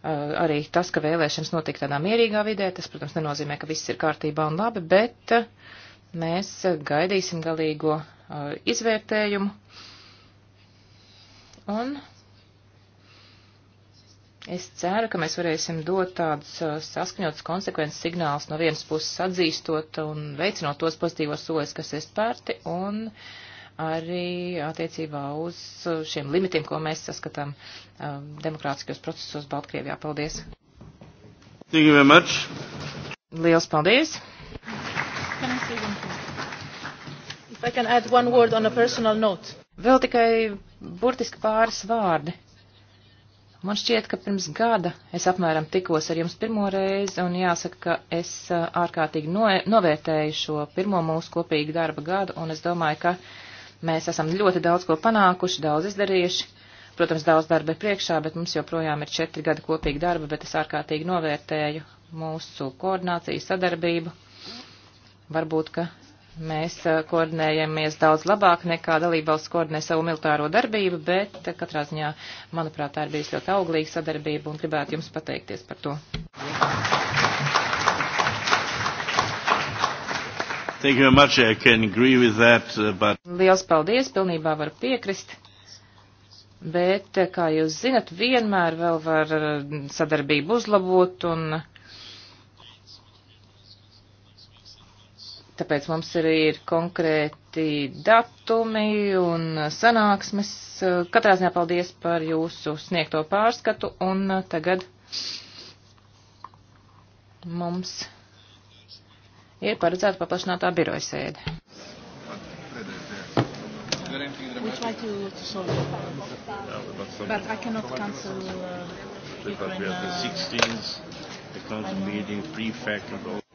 arī tas, ka vēlēšanas notiek tādā mierīgā vidē, tas, protams, nenozīmē, ka viss ir kārtībā un labi, bet uh, mēs gaidīsim galīgo uh, izvērtējumu. Un es ceru, ka mēs varēsim dot tādus uh, saskaņotus konsekvences signālus no vienas puses atzīstot un veicinot tos pozitīvos soļus, kas ir spērti, un arī attiecībā uz uh, šiem limitiem, ko mēs saskatām demokrātiskajos procesos Baltkrievijā. Paldies! Thank you very much. Liels paldies! Vēl tikai burtiski pāris vārdi. Man šķiet, ka pirms gada es apmēram tikos ar jums pirmo reizi, un jāsaka, ka es ārkārtīgi no, novērtēju šo pirmo mūsu kopīgu darba gadu, un es domāju, ka mēs esam ļoti daudz ko panākuši, daudz izdarījuši. Protams, daudz darba ir priekšā, bet mums joprojām ir četri gadi kopīga darba, bet es ārkārtīgi novērtēju mūsu koordināciju, sadarbību Varbūt, ka mēs eh, koordinējamies daudz labāk nekā dalībvalsts koordinē savu militāro darbību, bet eh, katrā ziņā, manuprāt, tā ir bijusi ļoti auglīga sadarbība un gribētu jums pateikties par to. That, uh, but... Liels paldies, pilnībā var piekrist. Bet, eh, kā jūs zinat, vienmēr vēl var sadarbību uzlabot un Tāpēc mums arī ir konkrēti datumi un sanāksmes. Katrā ziņā paldies par jūsu sniegto pārskatu un tagad mums ir paredzēta paplašinātā biroja sēde. We try to, to solve it. But I cannot cancel. Uh, because we have the 16th, uh, the council meeting, prefect, and all.